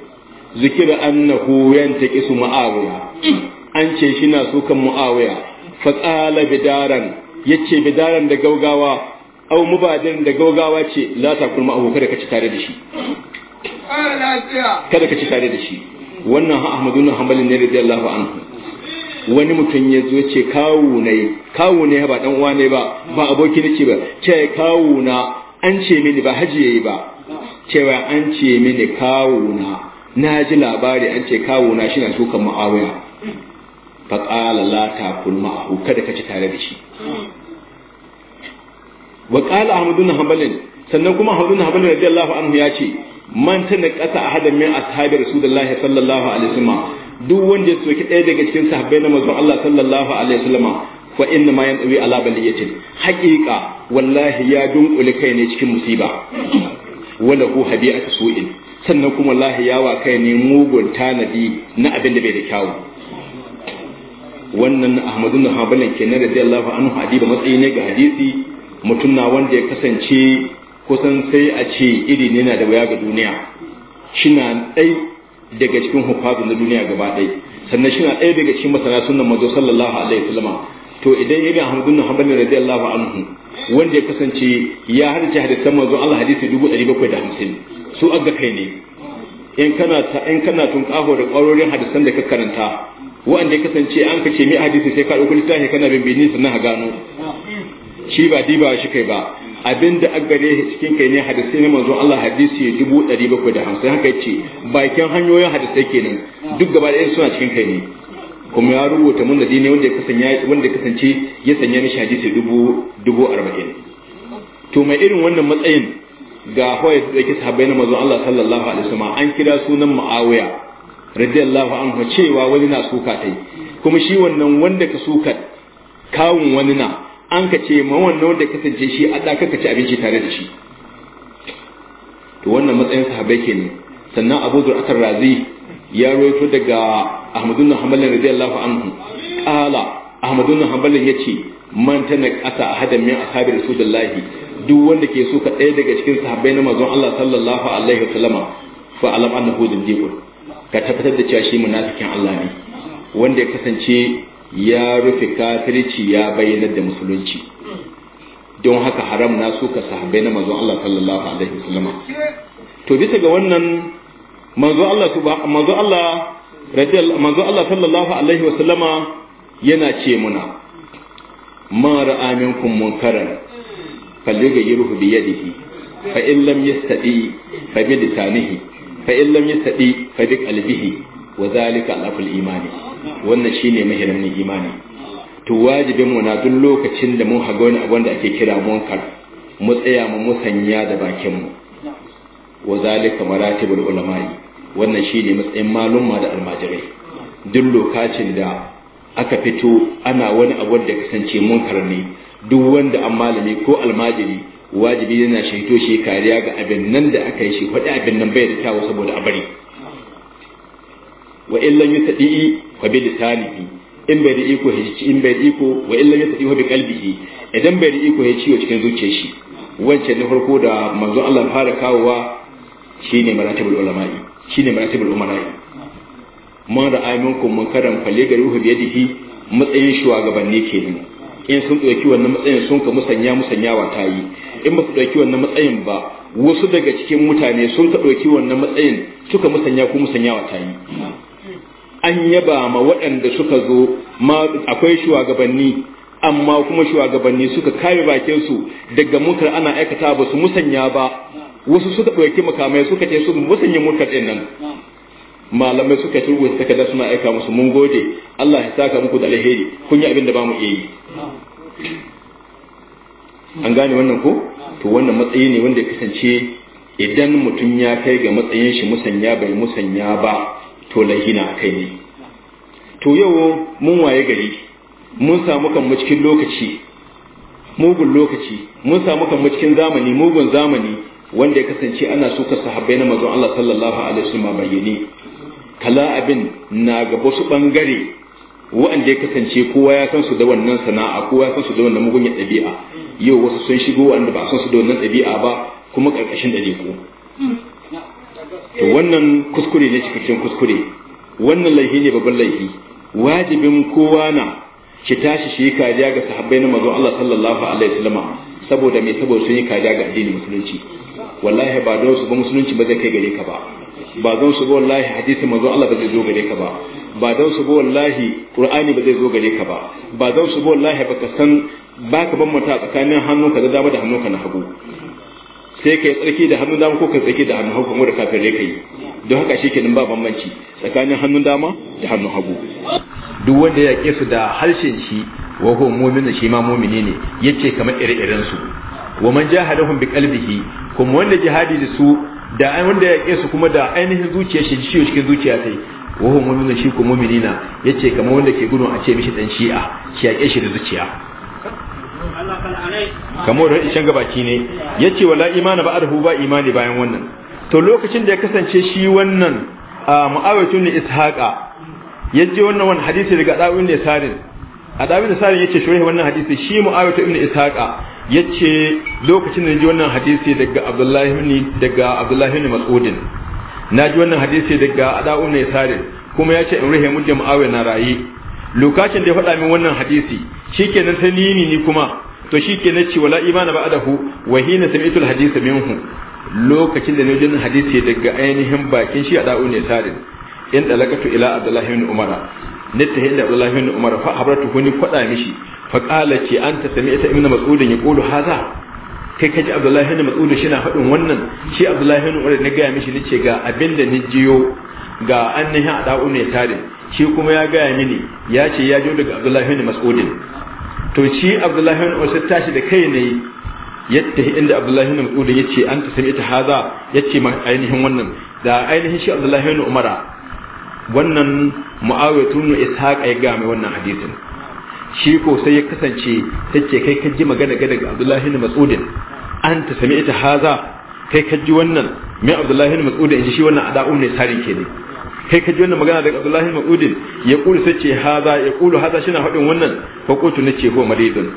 zikira annahu su muawiya an ce shi na sukan muawiya fa qala bidaran yace bidaran da gaugawa au mubadirin da gaugawa ce la ta kulma abu kada ka ci tare da shi kada ka ci tare da shi wannan ha ahmadu bin hanbali ne radiyallahu anhu wani mutum ya zo ce kawu ne kawu ne ba dan uwa ne ba ba aboki ne ce ba ce kawu na an ce mini ba haji yayi ba cewa an ce mini kawu na na ji labari an ce kawo na shi na sukan ma'awiya fa qala la takul ma'ahu kada ka ci tare da shi wa qala ahmad ibn hanbal sannan kuma ahmad ibn hanbal radiyallahu anhu ya ce man tana qata ahadan min ashabi rasulullahi sallallahu alaihi wasallam duk wanda ya soki ɗaya daga cikin sahabbai na manzon Allah sallallahu alaihi wasallam fa inna ma yanwi ala baliyatin haqiqa wallahi ya dunkule kai ne cikin musiba wala hu habi'atu su'in sannan kuma lahi yawa kai ne mugun tanadi na abin da bai da kyawu wannan Ahmadu bin Hanbal kenan radiyallahu anhu hadiba matsayi ne ga hadisi mutum na wanda ya kasance kusan sai a ce iri ne na da waya ga duniya Shi na dai daga cikin hufazu na duniya gaba ɗai sannan na ɗaya daga cikin masana sunan mazo sallallahu alaihi wasallam to idan irin Ahmadu da zai radiyallahu anhu wanda ya kasance ya harce hadisan mazo Allah hadisi hamsin. su aga kai ne in kana ta in kana tunƙaho da kwarorin hadisan da ka karanta wanda ya kasance an kace mai hadisi sai ka dauki littafi kana bin bini sannan ka gano shi ba diba shi kai ba abinda an gare cikin kai ne hadisi na manzo Allah hadisi dubu ɗari bakwai da hamsin haka ce bakin hanyoyin hadisai kenan duk gaba ɗaya suna cikin kai ne kuma ya rubuta mun da dine wanda ya kasance wanda ya kasance ya sanya mishi hadisi dubu dubu arba'in to mai irin wannan matsayin ga hoyar da ke sahabbai na mazu Allah sallallahu alaihi wasallam an kira sunan Muawiya radiyallahu anhu cewa wani na suka tai kuma shi wannan wanda ka suka kawun wani na an ka ce ma wannan wanda kasance shi a da ka ci abinci tare da shi to wannan matsayin sahabbai ne sannan Abu Dhur Akar Razi ya rawaito daga Ahmad ibn Hanbal radiyallahu anhu qala Ahmad ibn Hanbal yace man tana qasa ahadan min ashabi Rasulullahi duk wanda ke so ka ɗaya daga cikin sahabbai na mazan Allah sallallahu alaihi sallama fa alam annahu zindiqun ka tabbatar da cewa shi munafikin Allah ne wanda ya kasance ya rufe kafirci ya bayyana da musulunci don haka haram na so ka sahabbai na mazan Allah sallallahu alaihi wa sallama to bisa ga wannan manzo Allah manzo Allah manzo Allah sallallahu alaihi wa sallama yana ce muna ma ra'a minkum munkaran falyughayyiruhu bi yadihi fa in lam yastati fa bi lisanihi fa in lam yastati fa bi qalbihi wa zalika al imani wannan shine mahimmin imani to wajibin mu na duk lokacin da mun haga wani abu ake kira munkar mu tsaya mu musanya da bakin mu wa maratibul ulama'i wannan shine matsayin malumma da almajirai duk lokacin da aka fito ana wani abu da kasance munkar ne duk wanda an malami ko almajiri wajibi yana shaito shi kariya ga abin nan da aka yi shi faɗi abin nan bai da kyawu saboda a bari wa illan yi taɗi'i fa bi lisanihi in bai da iko hici in bai da iko wa illan yi taɗi'i fa bi kalbihi idan bai da iko hici wa cikin zuciyar shi wancan na farko da manzon Allah fara kawowa shine maratibul ulama'i shine maratibul umara'i man ra'a minkum munkaran falyagrihu bi yadihi matsayin shugabanni kenan in sun ɗauki wannan matsayin sun ka musanya musanyawa ta yi in ba su ɗauki wannan matsayin ba wasu daga cikin mutane sun ka ɗauki wannan matsayin suka musanya ko musanyawa ta yi an yaba ma waɗanda suka zo ma akwai shugabanni amma kuma shugabanni suka kare bakin su daga munkar ana aikata ba su musanya ba wasu suka ɗauki makamai suka ce su musanya munkar ɗin nan malamai suka turbuta da suna aika musu mun gode Allah ya saka muku da alheri kun yi abin da ba mu iya yi an gane wannan ko to wannan matsayi ne wanda ya kasance idan mutum ya kai ga matsayin shi musanya bai musanya ba to lahina kai ne to yau mun waye gari mun samu kan cikin lokaci mugun lokaci mun samu kan cikin zamani mugun zamani wanda ya kasance ana suka sahabbai na mazan Allah sallallahu alaihi wasallam bayyane kala abin na ga wasu bangare wa'anda ya kasance kowa ya san su da wannan sana'a kowa ya san su da wannan mugunyar ɗabi'a yau wasu sun shigo wanda ba san su da wannan ɗabi'a ba kuma ƙarƙashin ko to wannan kuskure ne cikakken kuskure wannan laifi ne babban laifi wajibin kowa na ki tashi shi kariya ga sahabbai na manzon Allah sallallahu alaihi wasallam saboda me saboda sun yi kariya ga addinin musulunci wallahi ba don su ba musulunci ba zai kai gare ka ba ba don su ba wallahi hadisi manzo Allah ba zai zo gare ka ba ba don su ba wallahi qur'ani ba zai zo gare ka ba ba don su ba wallahi baka san baka mata tsakanin ka da dama da ka na hagu sai kai tsarki da hannun dama ko kai tsarki da hannun hagu da kafin rai kai don haka shikenan ba bambanci tsakanin hannun dama da hannun hagu duk wanda ya kisu da harshen shi wa huwa mu'minu shi ma mu'mini ne yace kamar ire-iren su wa man jahadahum bi qalbihi kuma wanda jihadi da su da ai wanda ya yake su kuma da ainihin zuciya shi ciwo cikin zuciya ta yi wa hum mu'minun shi ko mu'minina yace kamar wanda ke gudun a ce mishi dan shi'a shi yake shi da zuciya kamar da ishan gabaki ne yace wala imana ba arhu ba imani bayan wannan to lokacin da ya kasance shi wannan mu'awiyatun ishaqa yaje wannan wannan hadisi daga dawin ne sarin a dawin ne sarin yace shi wannan hadisi shi mu'awiyatun ni ishaqa yace lokacin da ji wannan hadisi daga Abdullahi ibn daga Abdullahi ibn Mas'udin naji wannan hadisi daga Ada'u ibn Sarin kuma yace in rahe mu jama'a na rayi lokacin da ya faɗa min wannan hadisi shikenan sai ni ni kuma to shikenan ci wala imana ba'dahu wa hina sami'tu al minhu lokacin da naji wannan hadisi daga ainihin bakin shi Ada'u ibn Sarin in dalakatu ila Abdullahi ibn Umara nittahin inda Abdullahi bin Umar fa habratu kuni kwada mishi fa qala ce anta sami'ta ibn mas'ud yaqulu hadha kai kaji Abdullahi bin mas'ud na fadin wannan shi Abdullahi bin Umar ne ga mishi nace ga abinda ni jiyo ga annahi a da'u ne tare shi kuma ya gaya mini ya ce ya jo daga Abdullahi bin mas'ud to shi Abdullahi bin Umar tashi da kai ne yadda inda Abdullahi bin mas'ud yace anta ita hadha yace ma ainihin wannan da ainihin shi Abdullahi bin Umar wannan mu'awiyatun ishaq ya ga mai wannan hadisin shi ko sai ya kasance take kai ka ji magana ga daga abdullahi an mas'ud sami sami'ta haza kai ka ji wannan mai abdullahi na mas'ud in shi wannan ada'un ne sari ke ne kai ka ji wannan magana daga abdullahi na mas'ud ya kulu sai ce haza ya kulu haza shi na haɗin wannan fa kutu nace ko maridun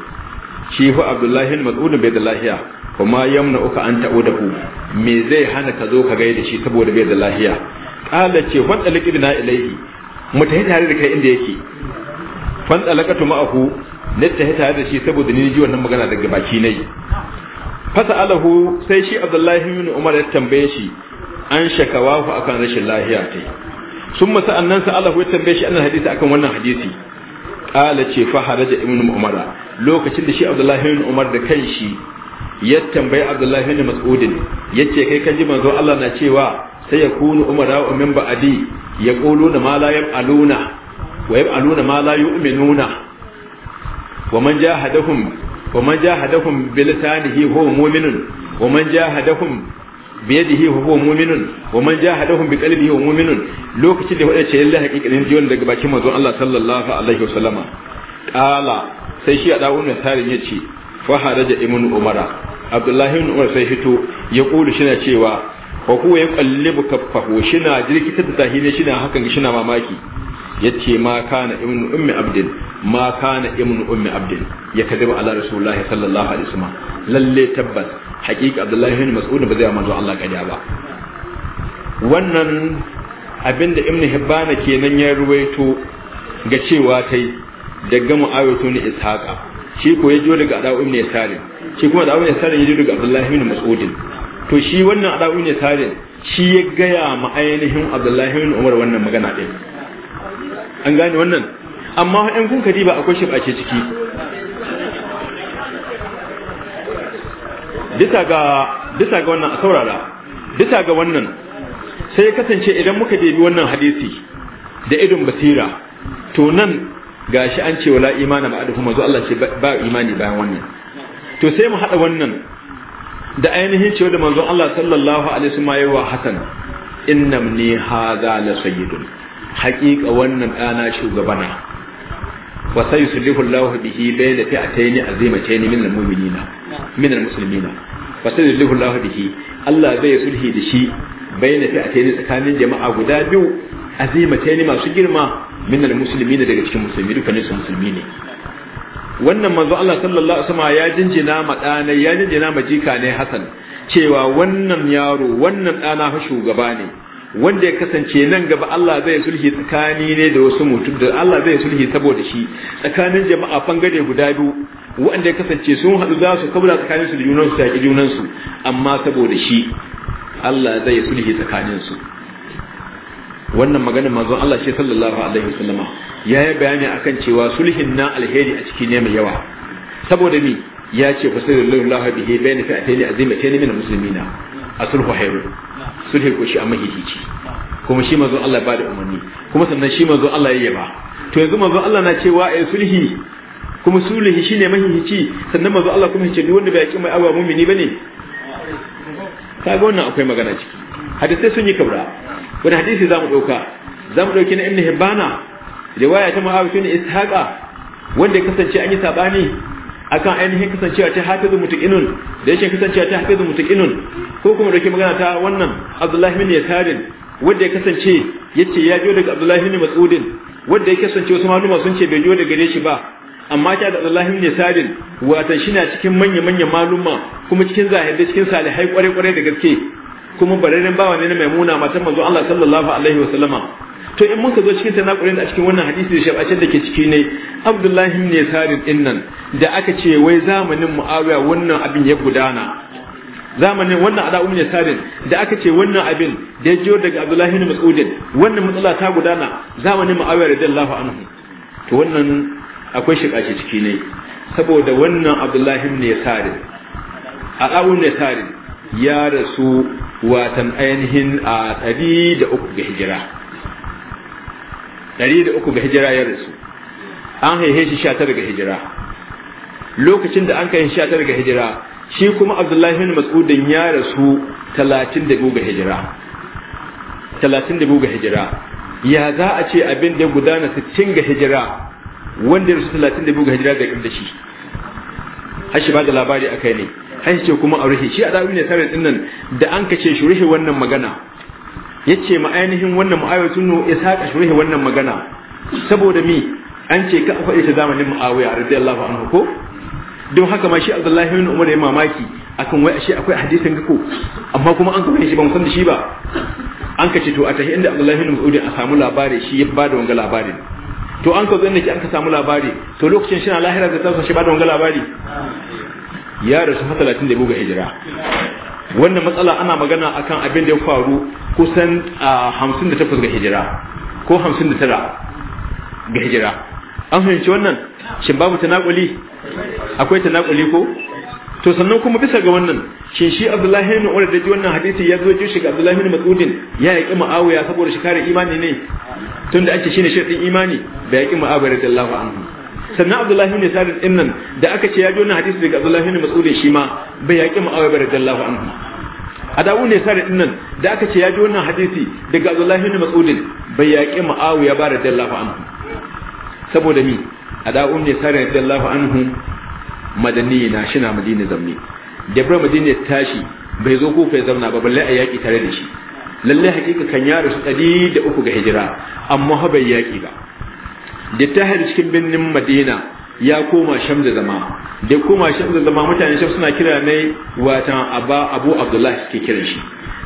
shi fa abdullahi na mas'ud bai da lahiya kuma yamna uka an ta'udahu me zai hana ka zo ka gaida shi saboda bai da lahiya kala ce wanda liqibna ilayhi mu tafi tare da kai inda yake fan dalakatu ma'ahu ne tafi tare da shi saboda ni ji wannan magana daga baki nayi fasa alahu sai shi abdullahi ibn umar ya tambaye shi an shakawahu akan rashin lahiya tai sun masa annan Alahu ya tambaye shi annan hadisi akan wannan hadisi kala ce fa haraja ibn umar lokacin da shi abdullahi ibn umar da kanshi ya tambayi abdullahi bin ya ce kai kaji manzo Allah na cewa sai ya kunu umara wa min ba'di ya quluna ma la ya'maluna wa ya'maluna ma la yu'minuna wa man jahadahum wa man jahadahum bi lisanihi huwa mu'minun wa man jahadahum bi yadihi huwa mu'minun wa man jahadahum bi qalbihi huwa mu'minun lokacin da wadace lillahi haqiqanin jiyon daga bakin manzo Allah sallallahu alaihi wasallama qala sai shi a da'un tsarin ce. fa haraja ibn umara abdullahi ibn umar sai hito ya kulu shina cewa wa huwa yuqallibu kaffahu shina jirkitar da tahine shina hakan shina mamaki yace ma kana ibn ummi abdin ma kana ibn ummi abdin ya kadiba ala rasulullah sallallahu alaihi wasallam lalle tabbas haqiqa abdullahi ibn mas'ud ba zai manzo Allah kadiya ba wannan abinda ibn hibbana kenan ya ruwaito ga cewa tai daga mu'awiyatu ni ishaqa shi ko ya jiyo daga adawu ibn yasarin shi kuma adawu ibn yasarin ya jiyo daga abdullahi ibn mas'ud to shi wannan adawu ibn yasarin shi ya gaya ma ainihin abdullahi ibn umar wannan magana din an gane wannan amma in kun kadi ba akwai shi ce ciki bisa ga bisa ga wannan a saurara bisa ga wannan sai ya kasance idan muka debi wannan hadisi da idon basira to nan gashi an ce wala imana ba da kuma zo Allah ce ba imani bayan wannan to sai mu hada wannan da ainihin cewa da manzon Allah sallallahu alaihi wasallam yayi wa Hassan innam ni hadha la sayyidun haqiqa wannan dana shugabana wa sayuslihu Allah bihi bayna fi'atayn azimatayn min al-mu'minina min al-muslimina wa sayuslihu Allah bihi Allah zai sulhi da shi bayna fi'atayn tsakanin jama'a guda biyu azimatayn masu girma min musulmi ne daga cikin musulmi dukkanin su musulmi ne wannan manzo Allah sallallahu alaihi wasallam ya jinjina ma dana ya jinjina ma jika ne Hassan cewa wannan yaro wannan dana fa shugaba ne wanda ya kasance nan gaba Allah zai sulhi tsakani ne da wasu mutum da Allah zai sulhi saboda shi tsakanin jama'a bangare guda biyu wanda ya kasance sun haɗu za su kabula tsakanin su da su junan su amma saboda shi Allah zai sulhi tsakanin su wannan magana mazan Allah shi sallallahu alaihi wasallama ya yi bayani akan cewa sulhin na alheri a ciki ne mai yawa saboda ni ya ce fasallallahu lahu bihi bayna fi'atayn azimatayn min a asulhu hayru sulhi ko shi amma hihici kuma shi mazan Allah ba da umarni kuma sannan shi mazan Allah ya yaba to yanzu mazan Allah na cewa ai eh, sulhi kuma sulhi shine mahihici sannan mazan Allah kuma ya ce duk wanda bai yaki mai awa mumini bane kaga wannan akwai magana ciki hadisi sun yi kabra wani hadisi za mu ɗauka za mu ɗauki na ibn hibbana riwaya ta mu'awiyah ne ishaqa wanda ya kasance an yi sabani akan ainihin kasancewa ta hafizu mutaqinun da yake kasancewa ta hafizu mutaqinun ko kuma dauki magana ta wannan abdullahi bin yasarin wanda ya kasance yace ya biyo daga abdullahi bin mas'udin wanda ya kasance wasu maluma sun ce bai biyo daga gare shi ba amma ta da abdullahi bin yasarin watan shi na cikin manya manyan maluma kuma cikin zahiri cikin salihai kware kware da gaske kuma bararren bawa ne na maimuna matan manzo Allah sallallahu alaihi wa sallama to in muka zo cikin tanakurin a cikin wannan hadisi da shabacin da ke ciki ne Abdullahi ibn Yasarin dinnan da aka ce wai zamanin Muawiya wannan abin ya gudana zamanin wannan ala ummi sarin da aka ce wannan abin da ya jiyo daga abdullahi ibn mas'ud wannan matsala ta gudana zamanin muawiya radiyallahu anhu to wannan akwai shiga ce ciki ne saboda wannan abdullahi ibn sarin ala ummi sarin ya rasu watan ainihin a ɗari da uku ga hijira ɗari da uku ga hijira ya rasu an haihe shi sha tara ga hijira lokacin da an kai sha tara ga hijira shi kuma abdullahi bin mas'udin ya rasu talatin da biyu ga hijira talatin da biyu ga hijira ya za a ce abin da gudana sittin ga hijira wanda ya rasu talatin da biyu ga hijira da ƙirda shi har shi ba da labari a kai ne an ce kuma a rufe shi a dabi ne sarin din nan da an kace shi rufe wannan magana yace ma ainihin wannan mu'awiyatun ya saƙa shi rufe wannan magana saboda mi an ce ka faɗi ta zamanin mu'awiya radiyallahu anhu ko don haka ma shi abdullahi bin umar ya mamaki akan wai ashe akwai hadisin gako amma kuma an kafa shi ban san da shi ba an ka ce to a tahi inda abdullahi bin umar a samu labari shi ya bada wanga labarin to an ka zo inda an ka samu labari to lokacin shi na lahira da tsawon shi bada wanga labari ya rasu ha 34 ga hijira wannan matsala ana magana akan abin da ya faru kusan hamsin da takwas ga hijira ko hamsin da tara ga hijira an fahimci wannan shin babu tanakuli akwai tanakuli ko to sannan kuma bisa ga wannan shin shi Abdullahi ibn Umar da ji wannan hadisi ya zo ji shi ga Abdullahi ibn Mas'udin ya yaki Muawiya saboda shi kare imani ne tunda ake shine din imani da yaki Muawiya radiyallahu anhu sannan abdullahi ne sarin din nan da aka ce ya ji wannan hadisi daga abdullahi ne mas'ulin shi ma bai yaƙi mu'awiya radiyallahu anhu adawu ne sarin din nan da aka ce ya ji wannan hadisi daga abdullahi ne mas'ulin bai yaƙi mu'awiya ba radiyallahu anhu saboda ni adawu ne sarin radiyallahu anhu madani na shi na madina zamni da bar madina tashi bai zo kofa ya zauna ba balle a yaƙi tare da shi Lallai hakika kan yaro su ɗari da uku ga hijira amma ha bai yaƙi ba da tahir cikin birnin madina ya koma sham da zama da koma sham da zama mutane sham suna kira ne watan abba abu abdullahi suke kiran shi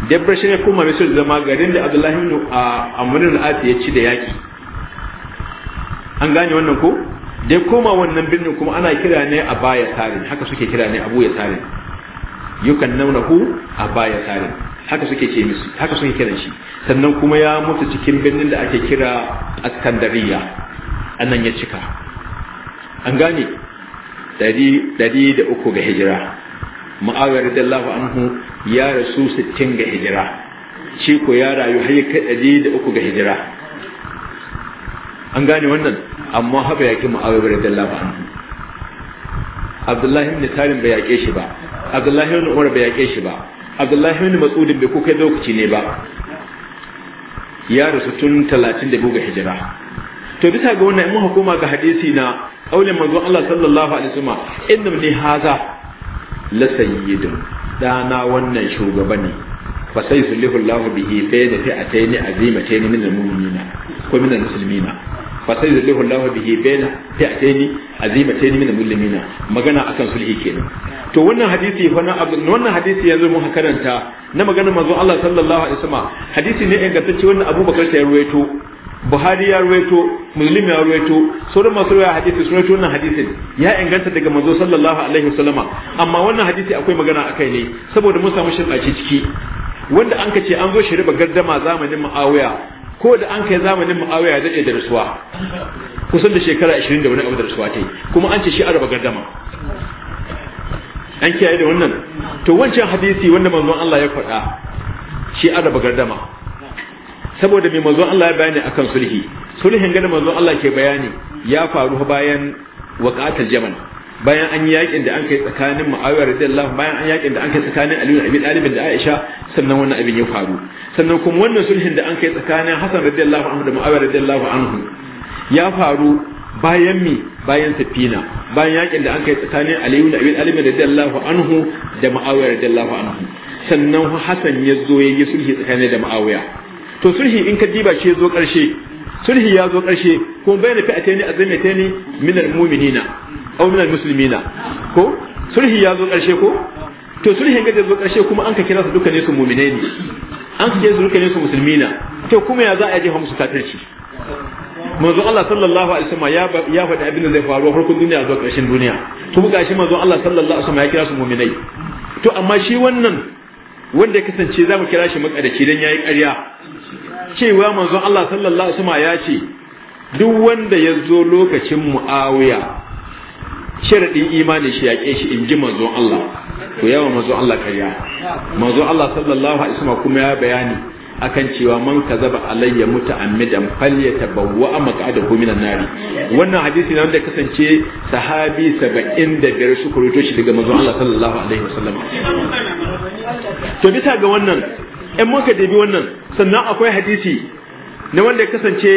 da bashin ya koma misir zama garin da abdullahi a amrin al-asi ya ci da yaki an gane wannan ko da koma wannan birnin kuma ana kira ne a baya tarin haka suke kira ne abu ya tarin yukan nauna a baya tarin haka suke ce musu haka suke kiran shi sannan kuma ya mutu cikin birnin da ake kira askandariya annan ya cika an gane dari da uku ga hijira ma'awar radiyallahu anhu ya rasu sittin ga hijira shi ko ya rayu har kai dari da uku ga hijira an gane wannan amma haka yake ma'awar radiyallahu anhu abdullahi ibn tarin bai yake shi ba abdullahi ibn umar bai yake shi ba abdullahi ibn mas'ud bai kuka lokaci ne ba ya rasu tun 30 ga hijira to bisa ga wannan mun hukuma ga hadisi na kaulin manzon Allah sallallahu alaihi wasallam inna li haza la sayyidun dana wannan shugaba ne fa sai sulhu Allah bihi fa fi ataini azimataini min almu'minina ko min almuslimina fa sai sulhu Allah bihi baina fi ataini azimataini min almuslimina magana akan sulhi kenan to wannan hadisi fa na wannan hadisi yanzu mun karanta na magana manzon Allah sallallahu alaihi wasallam hadisi ne ingantacce wannan Abubakar ta ruwaito Buhari ya ruwaito Muslim ya ruwaito sauran masu ruwaya hadisi sun ruwaito wannan hadisin ya inganta daga manzo sallallahu alaihi wasallama amma wannan hadisi akwai magana akai ne saboda mun samu shin ciki wanda an ce an zo shi riba gardama zamanin Muawiya ko da an kai zamanin Muawiya da da rasuwa kusan da shekara 20 da wani abu da rasuwa tai kuma an ce shi araba gardama an kiyaye da wannan to wancan hadisi wanda manzon Allah ya faɗa shi araba gardama saboda mai mazo Allah ya bayani akan sulhi sulhin ga mazo Allah ke bayani ya faru bayan waqatul jamal bayan an yakin da an kai tsakanin Muawiya radiyallahu bayan an yakin da an kai tsakanin Ali ibn Abi Talib da Aisha sannan wannan abin ya faru sannan kuma wannan sulhin da an kai tsakanin Hassan radiyallahu anhu da Muawiya radiyallahu anhu ya faru bayan mi bayan safina bayan yakin da an kai tsakanin Ali ibn Abi Talib radiyallahu anhu da Muawiya radiyallahu anhu sannan Hassan ya zo ya yi sulhi tsakanin da Muawiya to sulhi in ka diba shi zo karshe sulhi ya zo karshe kuma bayyana fi atani azimataini min muminina aw min al-muslimina ko sulhi ya zo karshe ko to sulhi ga zo karshe kuma an ka kira su dukkan su mu'minai ne an ka kira su dukkan su musulmina to kuma ya za a jefa musu kafirci manzo Allah sallallahu alaihi wasallam ya ya faɗi abin da zai faru farkon duniya zuwa ƙarshen duniya to gashi manzo Allah sallallahu alaihi wasallam ya kira su mu'minai to amma shi wannan wanda ya kasance za mu kira shi makadaci don ya yi ƙarya cewa manzon Allah sallallahu alaihi wasallam ya ce duk wanda ya zo lokacin mu'awiya sharaɗin imani shi yaƙe shi in ji manzon Allah to yawa manzon Allah ƙarya manzon Allah sallallahu alaihi wasallam kuma ya bayani akan cewa man kazaba alayya muta'ammidan falyatabawwa maq'adahu minan nari wannan hadisi ne wanda kasance sahabi 75 suka rubuto shi daga manzon Allah sallallahu alaihi wasallam to bisa ga wannan in muka dabi wannan sannan akwai hadisi na wanda ya kasance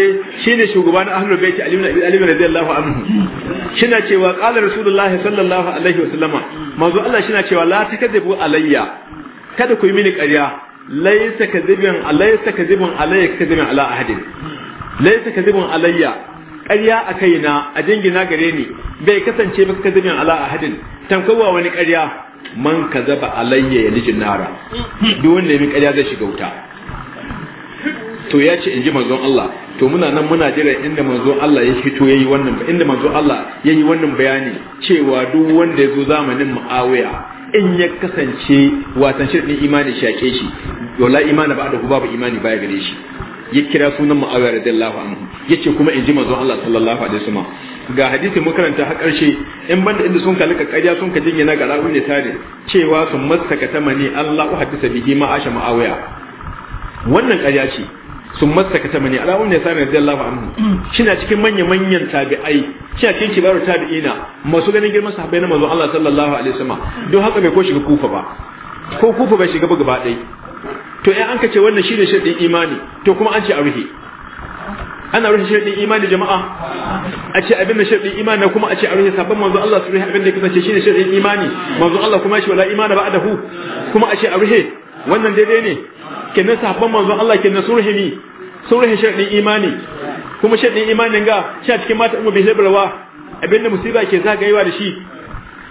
shine shugaba na ahlul baiti ali ibn zai talib radiyallahu anhu shina cewa qala rasulullahi sallallahu alaihi wasallama manzo Allah shina cewa la takadibu alayya kada ku yi mini ƙarya laysa kadibun alaysa kadibun alayya kadibun ala ahadin laysa kadibun alayya ƙarya a kaina a jingina gare ni bai kasance ba kadibun ala ahadin tamkawa wani ƙarya man zaba alayya ya lijin nara duk wanda ya mi karya zai shiga wuta to ya ce in ji manzon Allah to muna nan muna jira inda manzon Allah ya fito yayi wannan inda manzon Allah yayi wannan bayani cewa duk wanda ya zo zamanin Muawiya in ya kasance watan shirin imani shake shi wala imani ba da babu imani baya gare shi ya kira sunan da Allahu anhu yace kuma in ji manzo Allah sallallahu alaihi wasallam ga hadisi mu karanta har karshe in banda inda sun kalli kakkarya sun ka jingina ga rawi ne tare cewa sun masaka tamani Allah uhaddisa bihi ma asha Muawiya wannan ƙarya ce sun masaka tamani Allahu ne sami Allahu anhu shina cikin manya manyan tabi'ai shina cikin kibaru tabi'ina masu ganin girman sahabbai na manzo Allah sallallahu alaihi wasallam don haka bai ko shiga kufa ba ko kufa bai shiga ba gaba ɗaya to in an ka ce wannan shine sharɗin imani to kuma an ce a rufe ana rufe sharɗin imani jama'a a ce abin da sharɗin imani kuma a ce a rufe sabon manzo Allah su rufe abin da kasance shine sharɗin imani manzo Allah kuma shi wala imani ba adahu kuma a ce a rufe wannan daidai ne kenan sabon manzo Allah kenan sun rufe ni sun rufe sharɗin imani kuma sharɗin imanin ga shi a cikin mata umma bihi hibrwa abin da musiba ke zagayewa da shi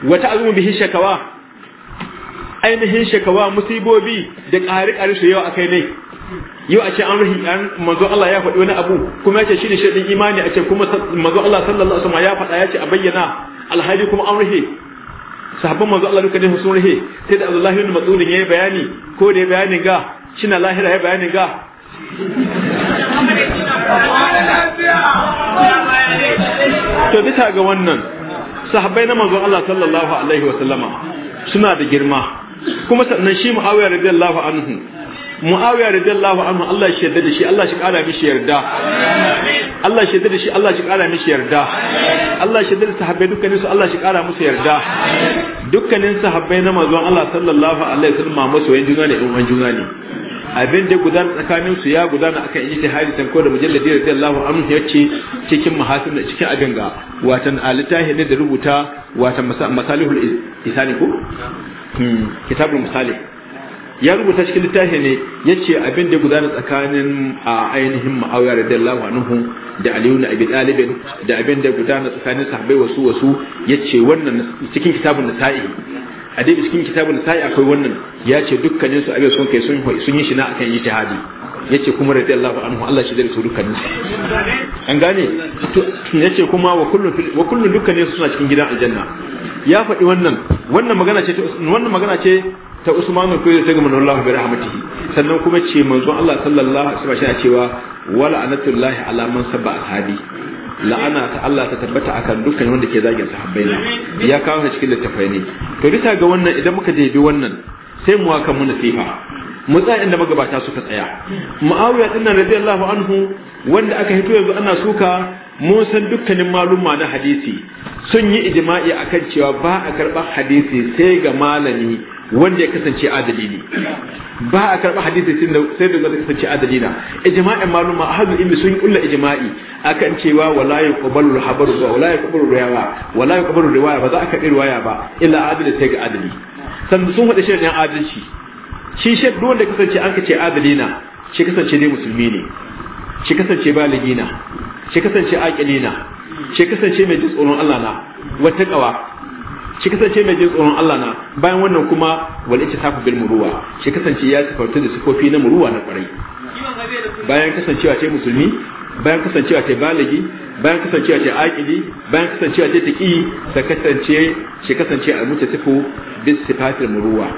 wata azumu bihi shakawa ainihin shekawa musibobi da ƙari ƙari su yau a kai ne yau a ce an rahi an manzo Allah ya faɗi wani abu kuma ya ce shi ne shaɗin imani a ce kuma manzo Allah sallallahu alaihi wasallam ya faɗa ya ce a bayyana alhaji kuma an rahi sahabban mazo Allah duka ne sun rahi sai da Abdullahi ibn Mas'ud ya yi bayani ko da ya bayani ga shina lahira ya bayani ga to bisa ga wannan sahabbai na manzon Allah sallallahu alaihi wasallama suna da girma kuma sannan shi muawiya radiyallahu anhu muawiya radiyallahu anhu Allah shi yarda da shi Allah shi kara mishi yarda Allah shi yarda da shi Allah shi kara mishi yarda Allah shi yarda da sahabbai dukkanin su Allah shi kara musu yarda dukkanin sahabbai na manzon Allah sallallahu alaihi wasallam masoyan juna ne ɗan juna ne abin da gudana tsakanin su ya gudana akan ta tan ko da mujalladi radiyallahu anhu yace cikin mahasin da cikin abin ga watan alitahi ne da rubuta watan masalihul isani ko kitabul misali ya rubuta cikin littafi ne yace abin da gudana tsakanin a ainihin ma'awiya radiyallahu anhu da aliyu na abi talibin da abin da gudana tsakanin sahabbai wasu wasu yace wannan cikin kitabun nisa'i a dai cikin kitabun nisa'i akwai wannan yace dukkanin su abin sun kai sun yi shi na akan ijtihadi yace kuma radiyallahu anhu Allah shi zai su dukkanin an gane yace kuma wa kullu wa kullu suna cikin gidan aljanna ya faɗi wannan wannan magana ce wannan magana ce ta Usman bin Fuyud ta gama Allah bi rahmatihi sannan kuma ce manzo Allah sallallahu alaihi wasallam yana cewa wala anatullahi ala man sabba ashabi la'ana ta Allah ta tabbata akan dukkan wanda ke zagin sahabbai na ya kawo shi cikin littafai ne to bisa ga wannan idan muka debi wannan sai mu waka mu nasiha mu tsaya inda magabata suka tsaya muawiya din nan radiyallahu anhu wanda aka hito yanzu ana suka mun san dukkanin maluma na hadisi sun yi ijma'i akan cewa ba a karba hadisi sai ga malami wanda ya kasance adali ne ba a karba hadisi sai da zai kasance adali na ijma'in maluma ahadu ilmi sun yi kulla ijma'i akan cewa wala yuqbalu al-habaru wa wala yuqbalu riwaya wala yuqbalu riwaya ba za a karɓi riwaya ba illa adali sai ga adali san sun faɗi shirin adalci shi shek duk wanda kasance an kace adalina shi kasance dai musulmi ne shi kasance baligina shi kasance aqilina shi kasance mai jin tsoron Allah na wata kawa shi kasance mai jin tsoron Allah na bayan wannan kuma wal ittasafu bil muruwa shi kasance ya sifarta da sifofi na muruwa na kwarai bayan kasancewa ce musulmi bayan kasancewa ce baligi bayan kasancewa ce aqili bayan kasancewa ce taqi sa kasance shi kasance al mutasifu bis sifatil muruwa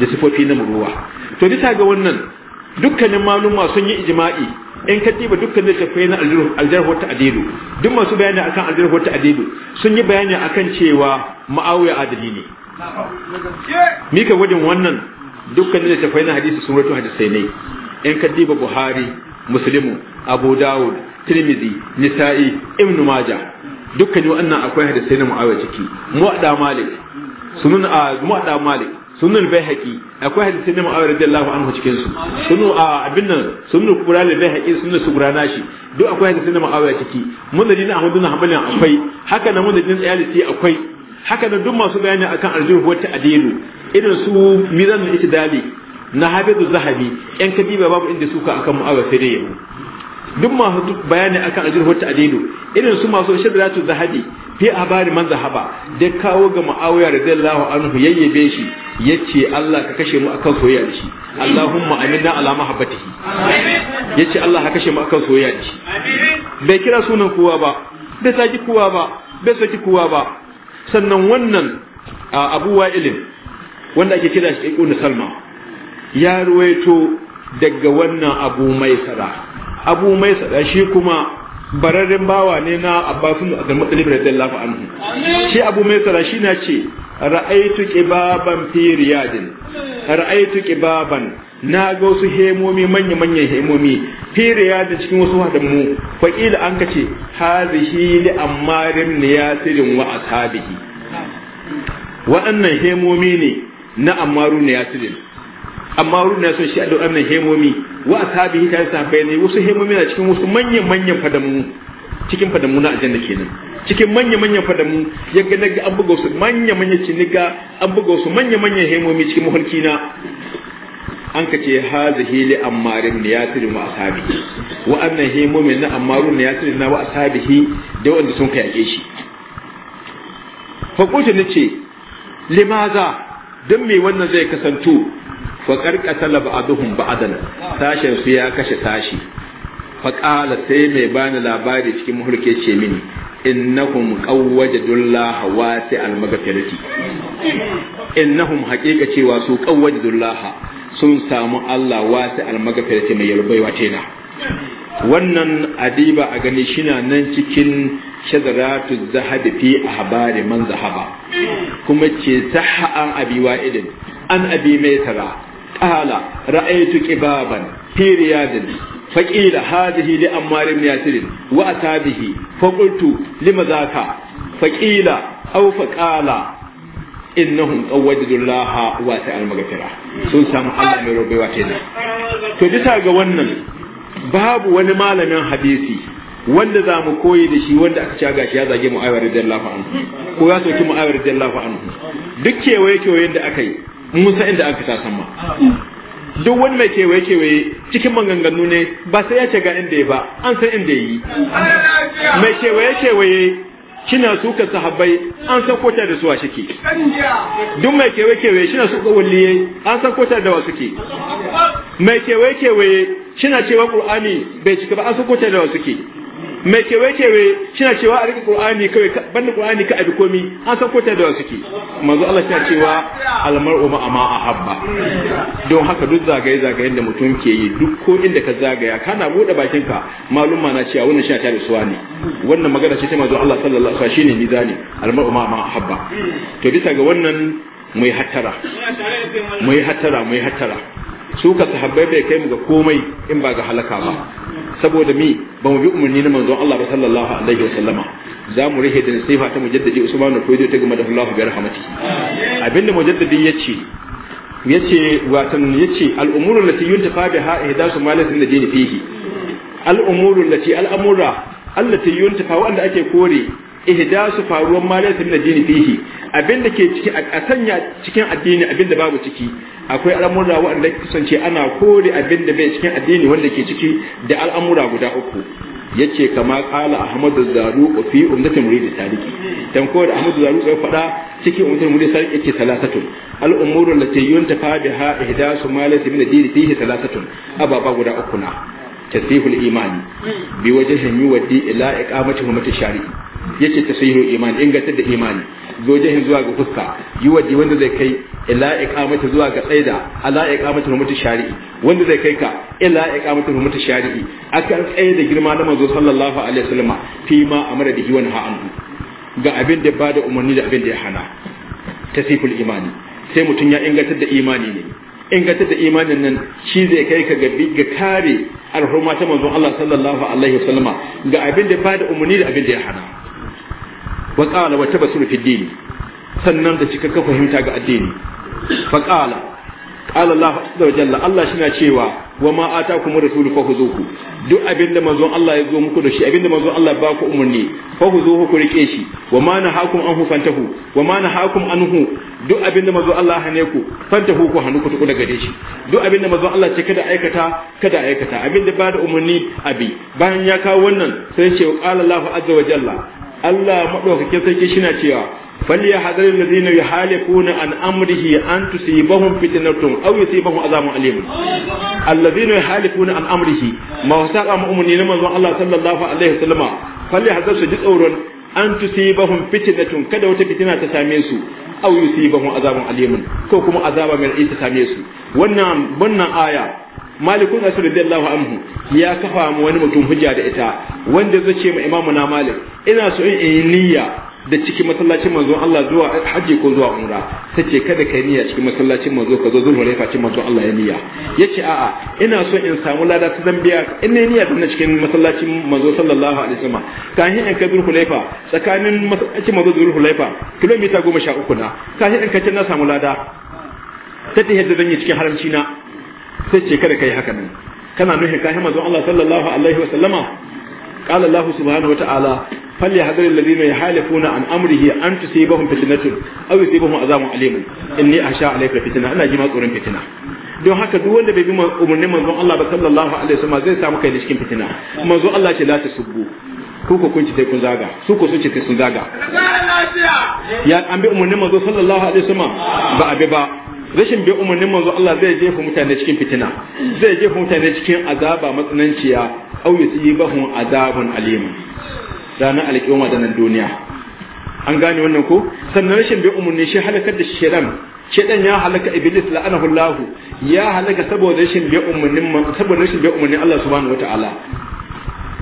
da sifofi na muruwa to bisa ga wannan dukkanin maluma sun yi ijma'i in ka tiba dukkan littattafai na aljarhu wata adilu duk masu bayani akan aljarhu wata adilu sun yi bayani akan cewa ma'awiya adali ne ka gudun wannan dukkan littattafai na hadisi sun rato hadisai ne in ka tiba buhari muslimu abu dawud tirmidhi nisa'i ibn majah dukkan wannan akwai hadisai na mu'awiya ciki mu'ada malik sunan a ah, malik sunan bayhaqi akwai hadisi na da radiyallahu anhu cikin su sunu a abin nan sunu kubra da bayhaqi sunu subra nashi duk akwai hadisi na mu'awiyah ciki munadin ahmadu na hanbalin akwai haka na munadin tsayalisi akwai haka nan duk masu bayani akan arjin wa ta'dilu irin su mizan al-itidali na habidu zahabi yan kadiba babu inda suka akan ma'awar sai dai duk masu bayani akan ajruhu ta'dilu irin su masu shidratu zahabi fi abari man zahaba da kawo ga muawiya radiyallahu anhu yayyabe shi yace Allah ka kashe mu akan soyayya da shi Allahumma amina ala mahabbatihi yace Allah ka kashe mu akan soyayya da shi bai kira sunan kowa ba bai saki kowa ba bai saki kowa ba sannan wannan Abu Wa'ilin wanda ake kira shi Ibn Salma ya ruwaito daga wannan Abu Maisara abu mai sada shi kuma bararren bawa ne na abbasun da matsalib lafa anhu shi abu mai sada shi na ce ra'aitu qibaban fi riyadin ra'aitu qibaban na ga wasu hemomi manya manyan hemomi fi riyadin cikin wasu mu fa qila an kace hazihi li ammarin niyasirin wa ashabihi waɗannan hemomi ne na ammaru niyasirin amma wurin na son shi a da hemomi wa hita ya sahabbai ne wasu hemomi na cikin wasu manyan manyan fadamu cikin fadamu na aljanna kenan cikin manya manyan fadamu ya ga an buga wasu manya manyan ciniga an buga wasu manya manyan hemomi cikin mafarki na an ka ce hazihi li ammarin ne ya tiri wa asabi wa annan hemomi na ammarun ne ya tiri na wa hi da wanda sun kai yake shi fa nace limaza dan me wannan zai kasanto fa karkatala ba'duhum ba'dan sashen su ya kashe sashi fa qala sai mai bani labari cikin muhulke ce mini innahum qawwajadullah wasi almagfirati innahum haqiqa cewa su qawwajadullah sun samu Allah wasi almagfirati mai yarbaiwa ce na wannan adiba a gani shina nan cikin shazaratu zahabi fi ahbari man zahaba kuma ce a an abi wa'idin an abi tara, ƙala ra'aitu kibaban fi riyadin faƙila hadihi li ammarin yasirin wa atabihi faqultu lima zaka faƙila aw faqala innahum qawwadullaha wa ta'al magfira sun samu Allah mai robewa kenan to bisa ga wannan babu wani malamin hadisi wanda za mu koyi da shi wanda aka ci gashi ya zage mu ayyar da Allah ko ya soki mu ayyar da Allah fa an duk kewaye kewayen da aka yi mun san inda an ka sama duk wani mai kewaye kewaye cikin maganganu ne ba sai ya ce ga inda ya ba an san inda yi mai kewaye kewaye kina suka sahabbai an san kota da suwa shike duk mai kewaye kewaye kina suka walliye an san kota da wa suke mai kewaye kewaye kina cewa qur'ani bai cika ba an san kota da wa suke mai kewe-kewe shina cewa a rika qur'ani kawai banda qur'ani ka abi komi an san kota da suke manzo Allah shina cewa almar'u ma a habba. don haka duk zagaye zagaye da mutum ke yi duk ko inda ka zagaya kana bude bakin ka ma na cewa wannan shina tare suwa ne wannan magana ce ta manzo Allah sallallahu alaihi wasallam shine mizani almar'u ma a habba. to bisa ga wannan mu yi hattara mu yi hattara mu yi hattara su ka sahabbai bai kai mu ga komai in ba ga halaka ba saboda mi ba mu bi umarni na manzon Allah ba sallallahu alaihi sallama za mu rihe din sifa ta mujaddadi ko Kojo ta ga da Allah bi rahmati abinda mujaddadin yace yace watan yace al-umuru lati yuntafa biha ihdasu malatin ladini fihi al-umuru lati al-amura allati yuntafa wanda ake kore ihdasu faruwan ma laysa min addini fihi abinda ke ciki a sanya cikin addini abinda babu ciki akwai al'amura waɗanda kusance ana kore abinda bai cikin addini wanda ke ciki da al'amura guda uku yace kama qala ahmadu zaru fi ummati muridi saliki dan ko da ahmadu zaru sai faɗa cikin ummati muridi tariki yace salasatun al umuru allati yuntafa biha ihdasu ma laysa min addini fihi salasatun ababa guda uku na tasihul imani bi wajahin yuwaddi ila iqamati hukumati shari'i yace tasihul imani ingantar da imani zojahin zuwa ga fuska yuwaddi wanda zai kai ila iqamati zuwa ga tsaida ala iqamati hukumati shari'i wanda zai kai ka ila iqamati hukumati shari'i akan tsaida girma na manzo sallallahu alaihi wasallam fi ma amara da hiwan ha'an ga abin da ba da umarni da abin da ya hana tasihul imani sai mutum ya ingantar da imani ne ingantar da imanin nan shi zai kai ka ga kare alhurma ta manzon Allah sallallahu alaihi wasallama ga abin da bada umarni da abin da ya hana wa qala wa tabasul fi sannan da ka fahimta ga addini fa qala qala Allah azza wa jalla Allah shi na cewa wa ma atakum rasulu fahuzuhu duk abinda manzon Allah ya zo muku da shi abinda manzon Allah ba ku umurni fahuzuhu ku rike shi wa ma nahakum an fantahu wa ma nahakum anhu duk abinda manzon Allah hane ku fantahu ku hanu ku tuku daga shi duk abinda manzon Allah ce kada aikata kada aikata abinda ba da umurni abi bayan ya kawo wannan sai ce qala Allah azza wa jalla Allah madaukakin sarki shi na cewa فليحذر الذين يحالفون عن امره ان تصيبهم فتنه او يصيبهم عذاب اليم an kada wata fitina ta same su aw ko kuma azaba mai ta same su wannan wannan aya malikun asu radiyallahu anhu ya kafa mu wani mutum hujja da ita wanda zai ce ma imamu na malik ina so in yi niyya da cikin masallacin manzo Allah zuwa haji ko zuwa umra tace kada kai niyya cikin masallacin manzo ka zo zuwa laifa cikin manzo Allah ya niyya yace a'a ina so in samu lada ta zambiya in ne niyya tun cikin masallacin manzo sallallahu alaihi wasallam kahin in ka zuwa laifa tsakanin masallacin manzo zuwa laifa kilomita 13 na kahin in ka ce na samu lada tace yadda zan yi cikin haramci na sai ce kada kai haka nan kana nufin kai manzo Allah sallallahu alaihi wa sallama kala Allah subhanahu wa ta'ala فليحذر الذين يحالفون an amrihi an tusibahum fitnatun aw yusibahum azamun alim inni asha alayka fitna ana جima tsoron fitna don haka duk wanda bai bi umarnin manzon Allah ba sallallahu alaihi wasallam zai samu kai cikin fitina manzon Allah ce la tasubbu ku ko kunci sai kun zaga su ko ku ce sai sun zaga ya an bi umarnin manzon sallallahu alaihi wasallam ba abi ba rashin bin umarnin manzo Allah zai jefa mutane cikin fitina zai jefa mutane cikin azaba matsananciya aw yusibahum azabun alim ranar alƙiyama da nan duniya an gane wannan ko sannan rashin bin umarnin shi halakar da shedan shedan ya halaka iblis la'anahu Allah ya halaka saboda rashin bin umarnin saboda rashin bin umarnin Allah subhanahu wataala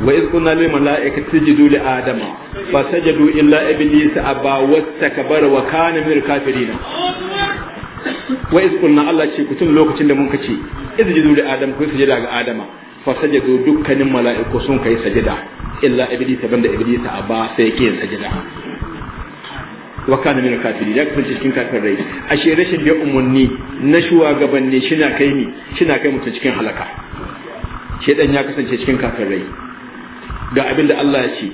wa iz qulna lil mala'ikati sujudu li adama fasajadu illa iblis aba wastakbara wa kana minal kafirin wa iz kunna Allah ce ku tun lokacin da mun kace jidu li adam ku sujada ga adama fa sajadu dukkanin mala'iku sun kai sajada illa iblisa banda iblisa aba sai yake yin sajada wa kana min kafiri da kasance cikin rai ashe rashin biyan umarni na shugabanni shina kai ni shina kai mutum cikin halaka shedan ya kasance cikin rai, ga abin da Allah ya ce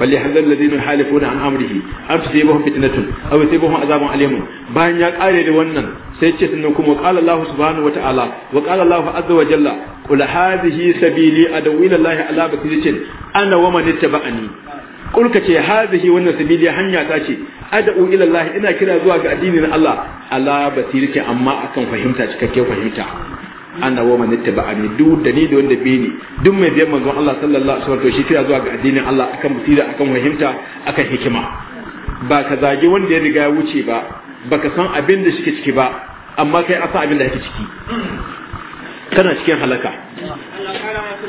فليحذر الذين يحالفون عن امره ان تصيبهم فتنه او يصيبهم عذاب اليم bayan ya kare da wannan sai ce sannan kuma qala Allah subhanahu wa ta'ala wa qala Allah azza wa jalla qul hadhihi sabili adawu ila Allah ala bakritin ana wa man ittaba'ani qul kace hadhihi wannan sabili hanya ta ce adawu ila Allah ina kira zuwa ga addinin Allah ala basirati amma akan fahimta cikakke fahimta ana wa man ittaba'ani duk da ni da wanda bi ni duk mai biyan manzon Allah sallallahu alaihi wasallam to shi tira zuwa ga addinin Allah akan basira akan fahimta akan hikima ba ka zage wanda ya riga ya wuce ba baka san abin da shike ciki ba amma kai a san abin da yake ciki kana cikin halaka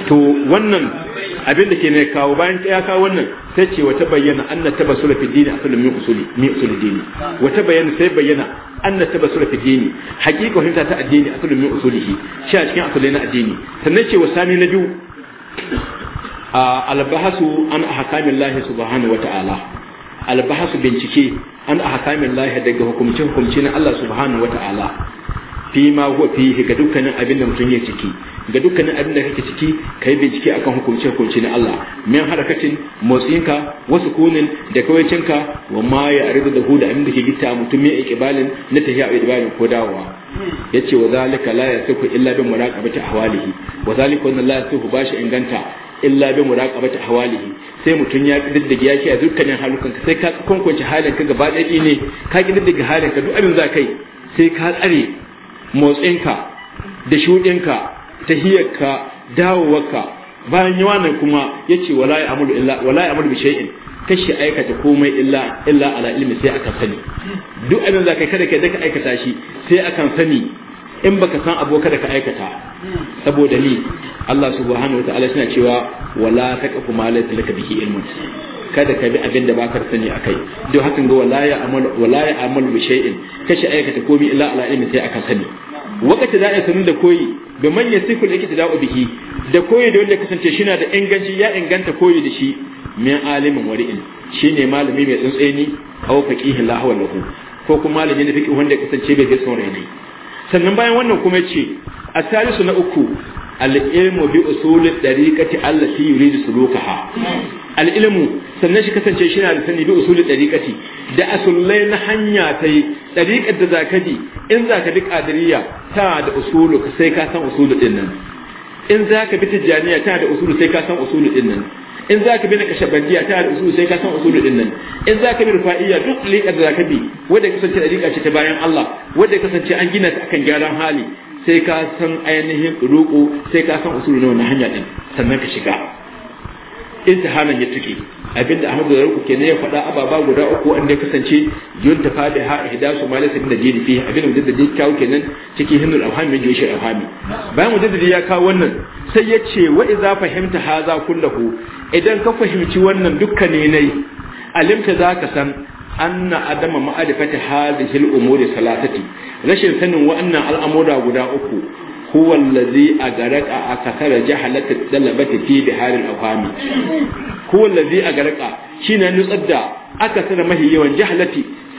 to wannan abin da ke ne kawo bayan ya kawo wannan sai ce wata bayyana taba tabassula fi dini asalin min usuli min usuli dini wata bayyana sai bayyana taba tabassula fi dini hakika fahimta ta addini filin min usuli shi a cikin asalin na addini sannan ce wasani na biyu a albahasu an ahkamillahi subhanahu ta'ala albahasu bincike an lahi daga hukumce hukumce na Allah subhanahu ta'ala. fi ma huwa fihi ga dukkanin abin da mutum ya ciki ga dukkanin abin da kake ciki kai bincike akan hukunce hukunci na Allah men harakacin motsinka wasu kunin da kawaicinka wa ma ya aridu da huda abin da ke gita mutum ya ikibalin na tahiya ikibalin ko dawowa yace wa zalika la yasifu illa bi muraqabati ahwalihi wa zalika wannan la yasifu bashi inganta illa bi muraqabati ahwalihi sai mutun ya kididdige ya a dukkanin halukanka sai ka kunkunce halinka gaba ɗaya ne ka kididdige halinka duk abin za kai sai ka tsare motsinka da shuɗinka tahiyarka dawowarka bayan yi nan kuma ya ce wala ya amuru kashi aikata komai illa illa ala ilmi sai akan sani duk abin da kai kada ka da aikata shi sai akan sani in baka san abu da ka aikata saboda ni Allah subhanahu suna cewa wala taqfu ma la ka bihi ilmun kada ka bi abin da ba ka sani a kai don hakan ga wala ya amal bi shay'in kashi aikata komi illa ala ilmi sai aka sani wakati da a sanin da koyi bi man sikul yake da bihi da koyi da wanda kasance shi na da inganci ya inganta koyi da shi min alimin wari'in shine malami mai tsuntseni aw faqihi la hawla lahu ko kuma malami da fiki wanda kasance bai da sauran ne sannan bayan wannan kuma ce a salisu na uku al-ilmu bi usulil dariqati allati yuridu sulukaha al'ilmu sannan shi kasance shi na da sani bi usulul dariqati da asullai na hanya ta yi dariqar da zakadi in za ka bi qadiriyya ta da usulu sai ka san usulu din nan in ka bi tijaniya ta da usulu sai ka san usulu din nan in ka bi na kashabandiya ta da usulu sai ka san usulu din nan in ka bi rufa'iyya duk dariqar da zakadi wanda kasance dariqa ce ta bayan Allah wanda kasance an gina ta akan gyaran hali sai ka san ainihin ruku sai ka san usulu na wannan hanya din sannan ka shiga intihanan ya take abinda ahmadu ya ruku kenan ya faɗa ababa guda uku wanda ya kasance yun tafa da ha ihda su malai da jini fi abinda mujaddadi kawo kenan cikin hindul alhami min joshi alhami bayan mujaddadi ya kawo wannan sai ya ce wa idza fahimta haza kullahu idan ka fahimci wannan ne nai alimta zaka san anna adama ma'arifati hadhihi al-umuri salatati rashin sanin wa'annan al'amura guda uku هو الذي أغرق أكثر جهلة الدلبة في بحار الأوهام هو الذي أغرق شين نصدى أكثر ما هي جهلة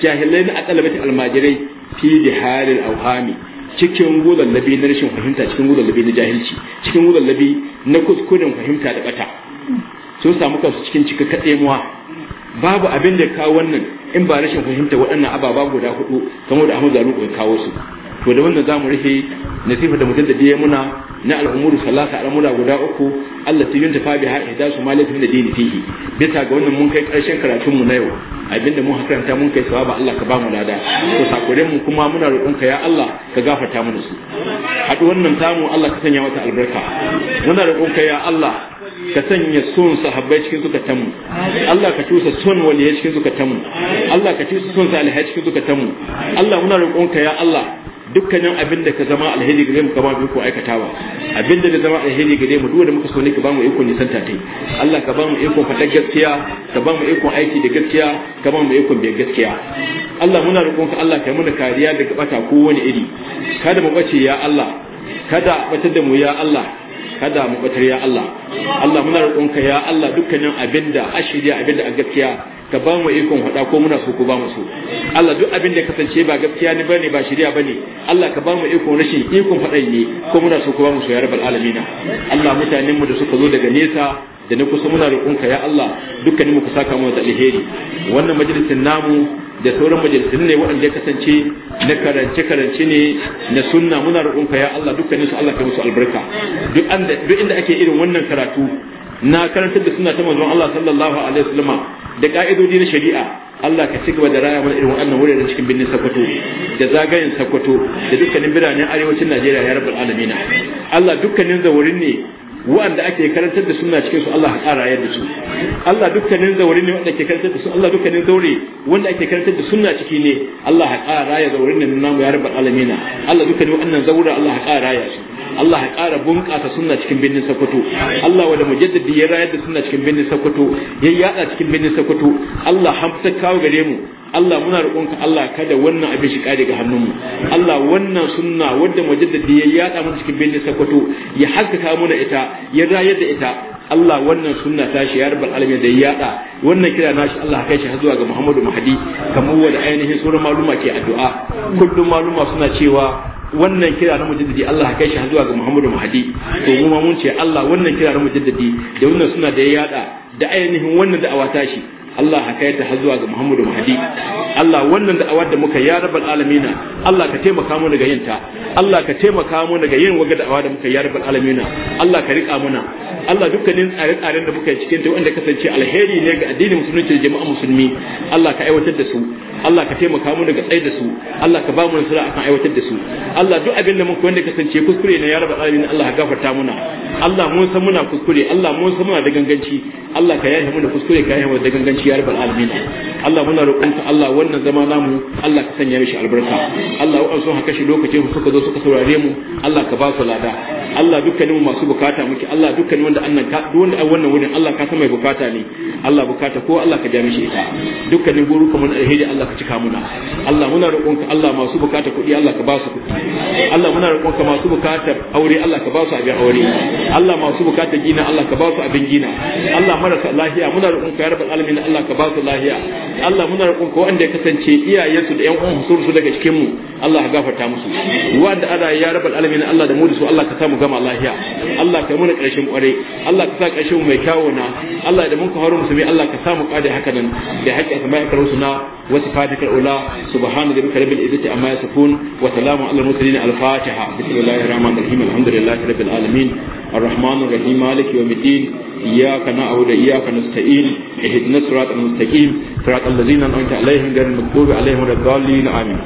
جاهلين أطلبة الماجري في بحار الأوهام cikin labi na rashin fahimta cikin labi na jahilci cikin labi na kuskuren fahimta da bata sun samu kansu cikin cika katsemuwa babu abin da kawo wannan in ba rashin fahimta waɗannan ababa guda hudu kamar da Ahmad Zaruku ya kawo su to da wannan zamu rufe nasifa da da ya muna na al'umuru salasa al'amura guda uku Allah ta yunta fa biha ida su malakin da dini fihi bisa ga wannan mun kai karshen karatun mu na yau abinda mun hakanta mun kai sawaba Allah ka ba mu lada to sakoren mu kuma muna roƙon ka ya Allah ka gafarta mana su hadu wannan tamu Allah ka sanya mata albarka muna roƙon ka ya Allah ka sanya son sahabbai cikin zukatanmu Allah ka cusa son waliyai cikin zukatanmu Allah ka cusa son salihai cikin zukatanmu Allah muna ka ya Allah dukkanin abin da ka zama alheri gare mu ka ba mu aikatawa abin da ka zama alheri gare mu duk da muka so ne ka ba mu iko nisanta tai Allah ka ba mu iko faɗar gaskiya ka ba mu iko aiki da gaskiya ka ba mu iko biyar gaskiya Allah muna ka Allah ka yi mana kariya daga bata ko wani iri kada mu bace ya Allah kada batar da mu ya Allah kada mu batar ya Allah Allah muna ka ya Allah dukkanin abinda ashiriya abinda a gaskiya ka ba mu ikon faɗa ko muna so ko ba mu so Allah duk abin da kasance ba gaskiya ne bane ba shari'a bane Allah ka ba mu ikon rashin ikon faɗa ne ko muna so ko ba mu so ya rabbal alamin Allah mutanen mu da suka zo daga nesa da na kusa muna roƙonka ya Allah dukkanin mu ku saka mu da alheri wannan majalisin namu da sauran majalisun ne waɗanda ya kasance na karance karance ne na sunna muna roƙonka ya Allah dukkanin su Allah ka musu albarka duk inda ake irin wannan karatu na karantar da suna ta manzon Allah sallallahu alaihi wasallama da ka'idodi na shari'a Allah ka ci gaba da raya mana irin wannan wuraren cikin birnin Sokoto da zagayen Sokoto da dukkanin biranen arewacin Najeriya ya rabbul alamin Allah dukkanin zawurin ne wanda ake karantar da sunna cikin su Allah ƙara yadda su Allah dukkanin zaure ne wanda ake karantar da su Allah dukkanin zaure wanda ake karantar da sunna ciki ne Allah ƙara ya zaure ne namu ya rabbal alamina Allah dukkanin wannan zaura Allah ƙara ya su Allah ya ƙara bunƙasa sunna cikin binnin Sokoto Allah wanda mujaddidi ya rayar da sunna cikin binnin Sokoto ya yada cikin binnin Sokoto Allah hamsa kawo gare mu Allah muna roƙonka Allah kada wannan abin shi kare ga hannunmu Allah wannan sunna wadda mujaddadi ya yada mata cikin bindin sakwato ya haskaka muna ita ya rayar da ita Allah wannan sunna ta shi ya rabbal alamin da ya yada wannan kira nashi Allah kai shi zuwa ga Muhammadu Mahdi kamar wanda ainihin sura maluma ke addu'a kullum maluma suna cewa wannan kira na mujaddadi Allah kai shi zuwa ga Muhammadu Mahdi to mu ma mun ce Allah wannan kira na mujaddadi da wannan suna da ya yada da ainihin wannan da awata shi Allah ka kai ta zuwa ga Muhammadu Mahdi Allah wannan da'awa da muka ya rabbal alamina Allah ka taimaka mu daga yin ta Allah ka taimaka mu daga yin waga da'awa da muka ya rabbal alamina Allah ka rika muna Allah dukkanin tsare-tsaren da muka yi cikin ta wanda kasance alheri ne ga addinin musulunci da jama'a musulmi Allah ka aiwatar da su Allah ka taimaka mu daga tsaye da su Allah ka ba mu nasara akan aiwatar da su Allah duk abin da mun wanda kasance kuskure ne ya raba alamin Allah ka gafarta muna Allah mun san muna kuskure Allah mun san muna da ganganci Allah ka yaye mu da kuskure ka yaye mu da ganganci ya raba alamin Allah muna roƙonka Allah wannan zama namu Allah ka sanya mishi albarka Allah wa'an sun haka shi lokacin suka zo suka saurare mu Allah ka ba su lada Allah dukkanin mu masu bukata muke Allah dukkanin wanda annan ka duk wanda wannan wurin Allah ka san mai bukata ne Allah bukata ko Allah ka ja mishi ita dukkanin buruka mun alheri Allah ka cika muna Allah muna roƙonka Allah masu bukata kuɗi Allah ka ba su kuɗi Allah muna roƙonka masu bukata aure Allah ka ba su abin aure Allah masu bukata gina Allah ka ba su abin gina Allah marasa lahiya muna roƙonka ya rabbal alamin Allah ka ba su lahiya Allah muna roƙonka wanda ya kasance iyayen su da ƴan uwan su su daga cikin mu Allah ka gafarta musu wanda ada ya rabbal alamin Allah da mu da su Allah ka samu gama lahiya Allah ka muna ƙarshen ƙware Allah ka sa ƙarshen mu mai kyawuna Allah da mun ka haro musulmi Allah ka samu ƙade haka nan da haƙƙi asma'ikar rusuna wasu بصفاتك الأولى سبحان ربك رب العزة عما يصفون وسلام على المرسلين الفاتحة بسم الله الرحمن الرحيم الحمد لله رب العالمين الرحمن الرحيم مالك يوم الدين إياك نعبد وإياك نستعين اهدنا الصراط المستقيم صراط الذين أنعمت عليهم غير المغضوب عليهم ولا الضالين آمين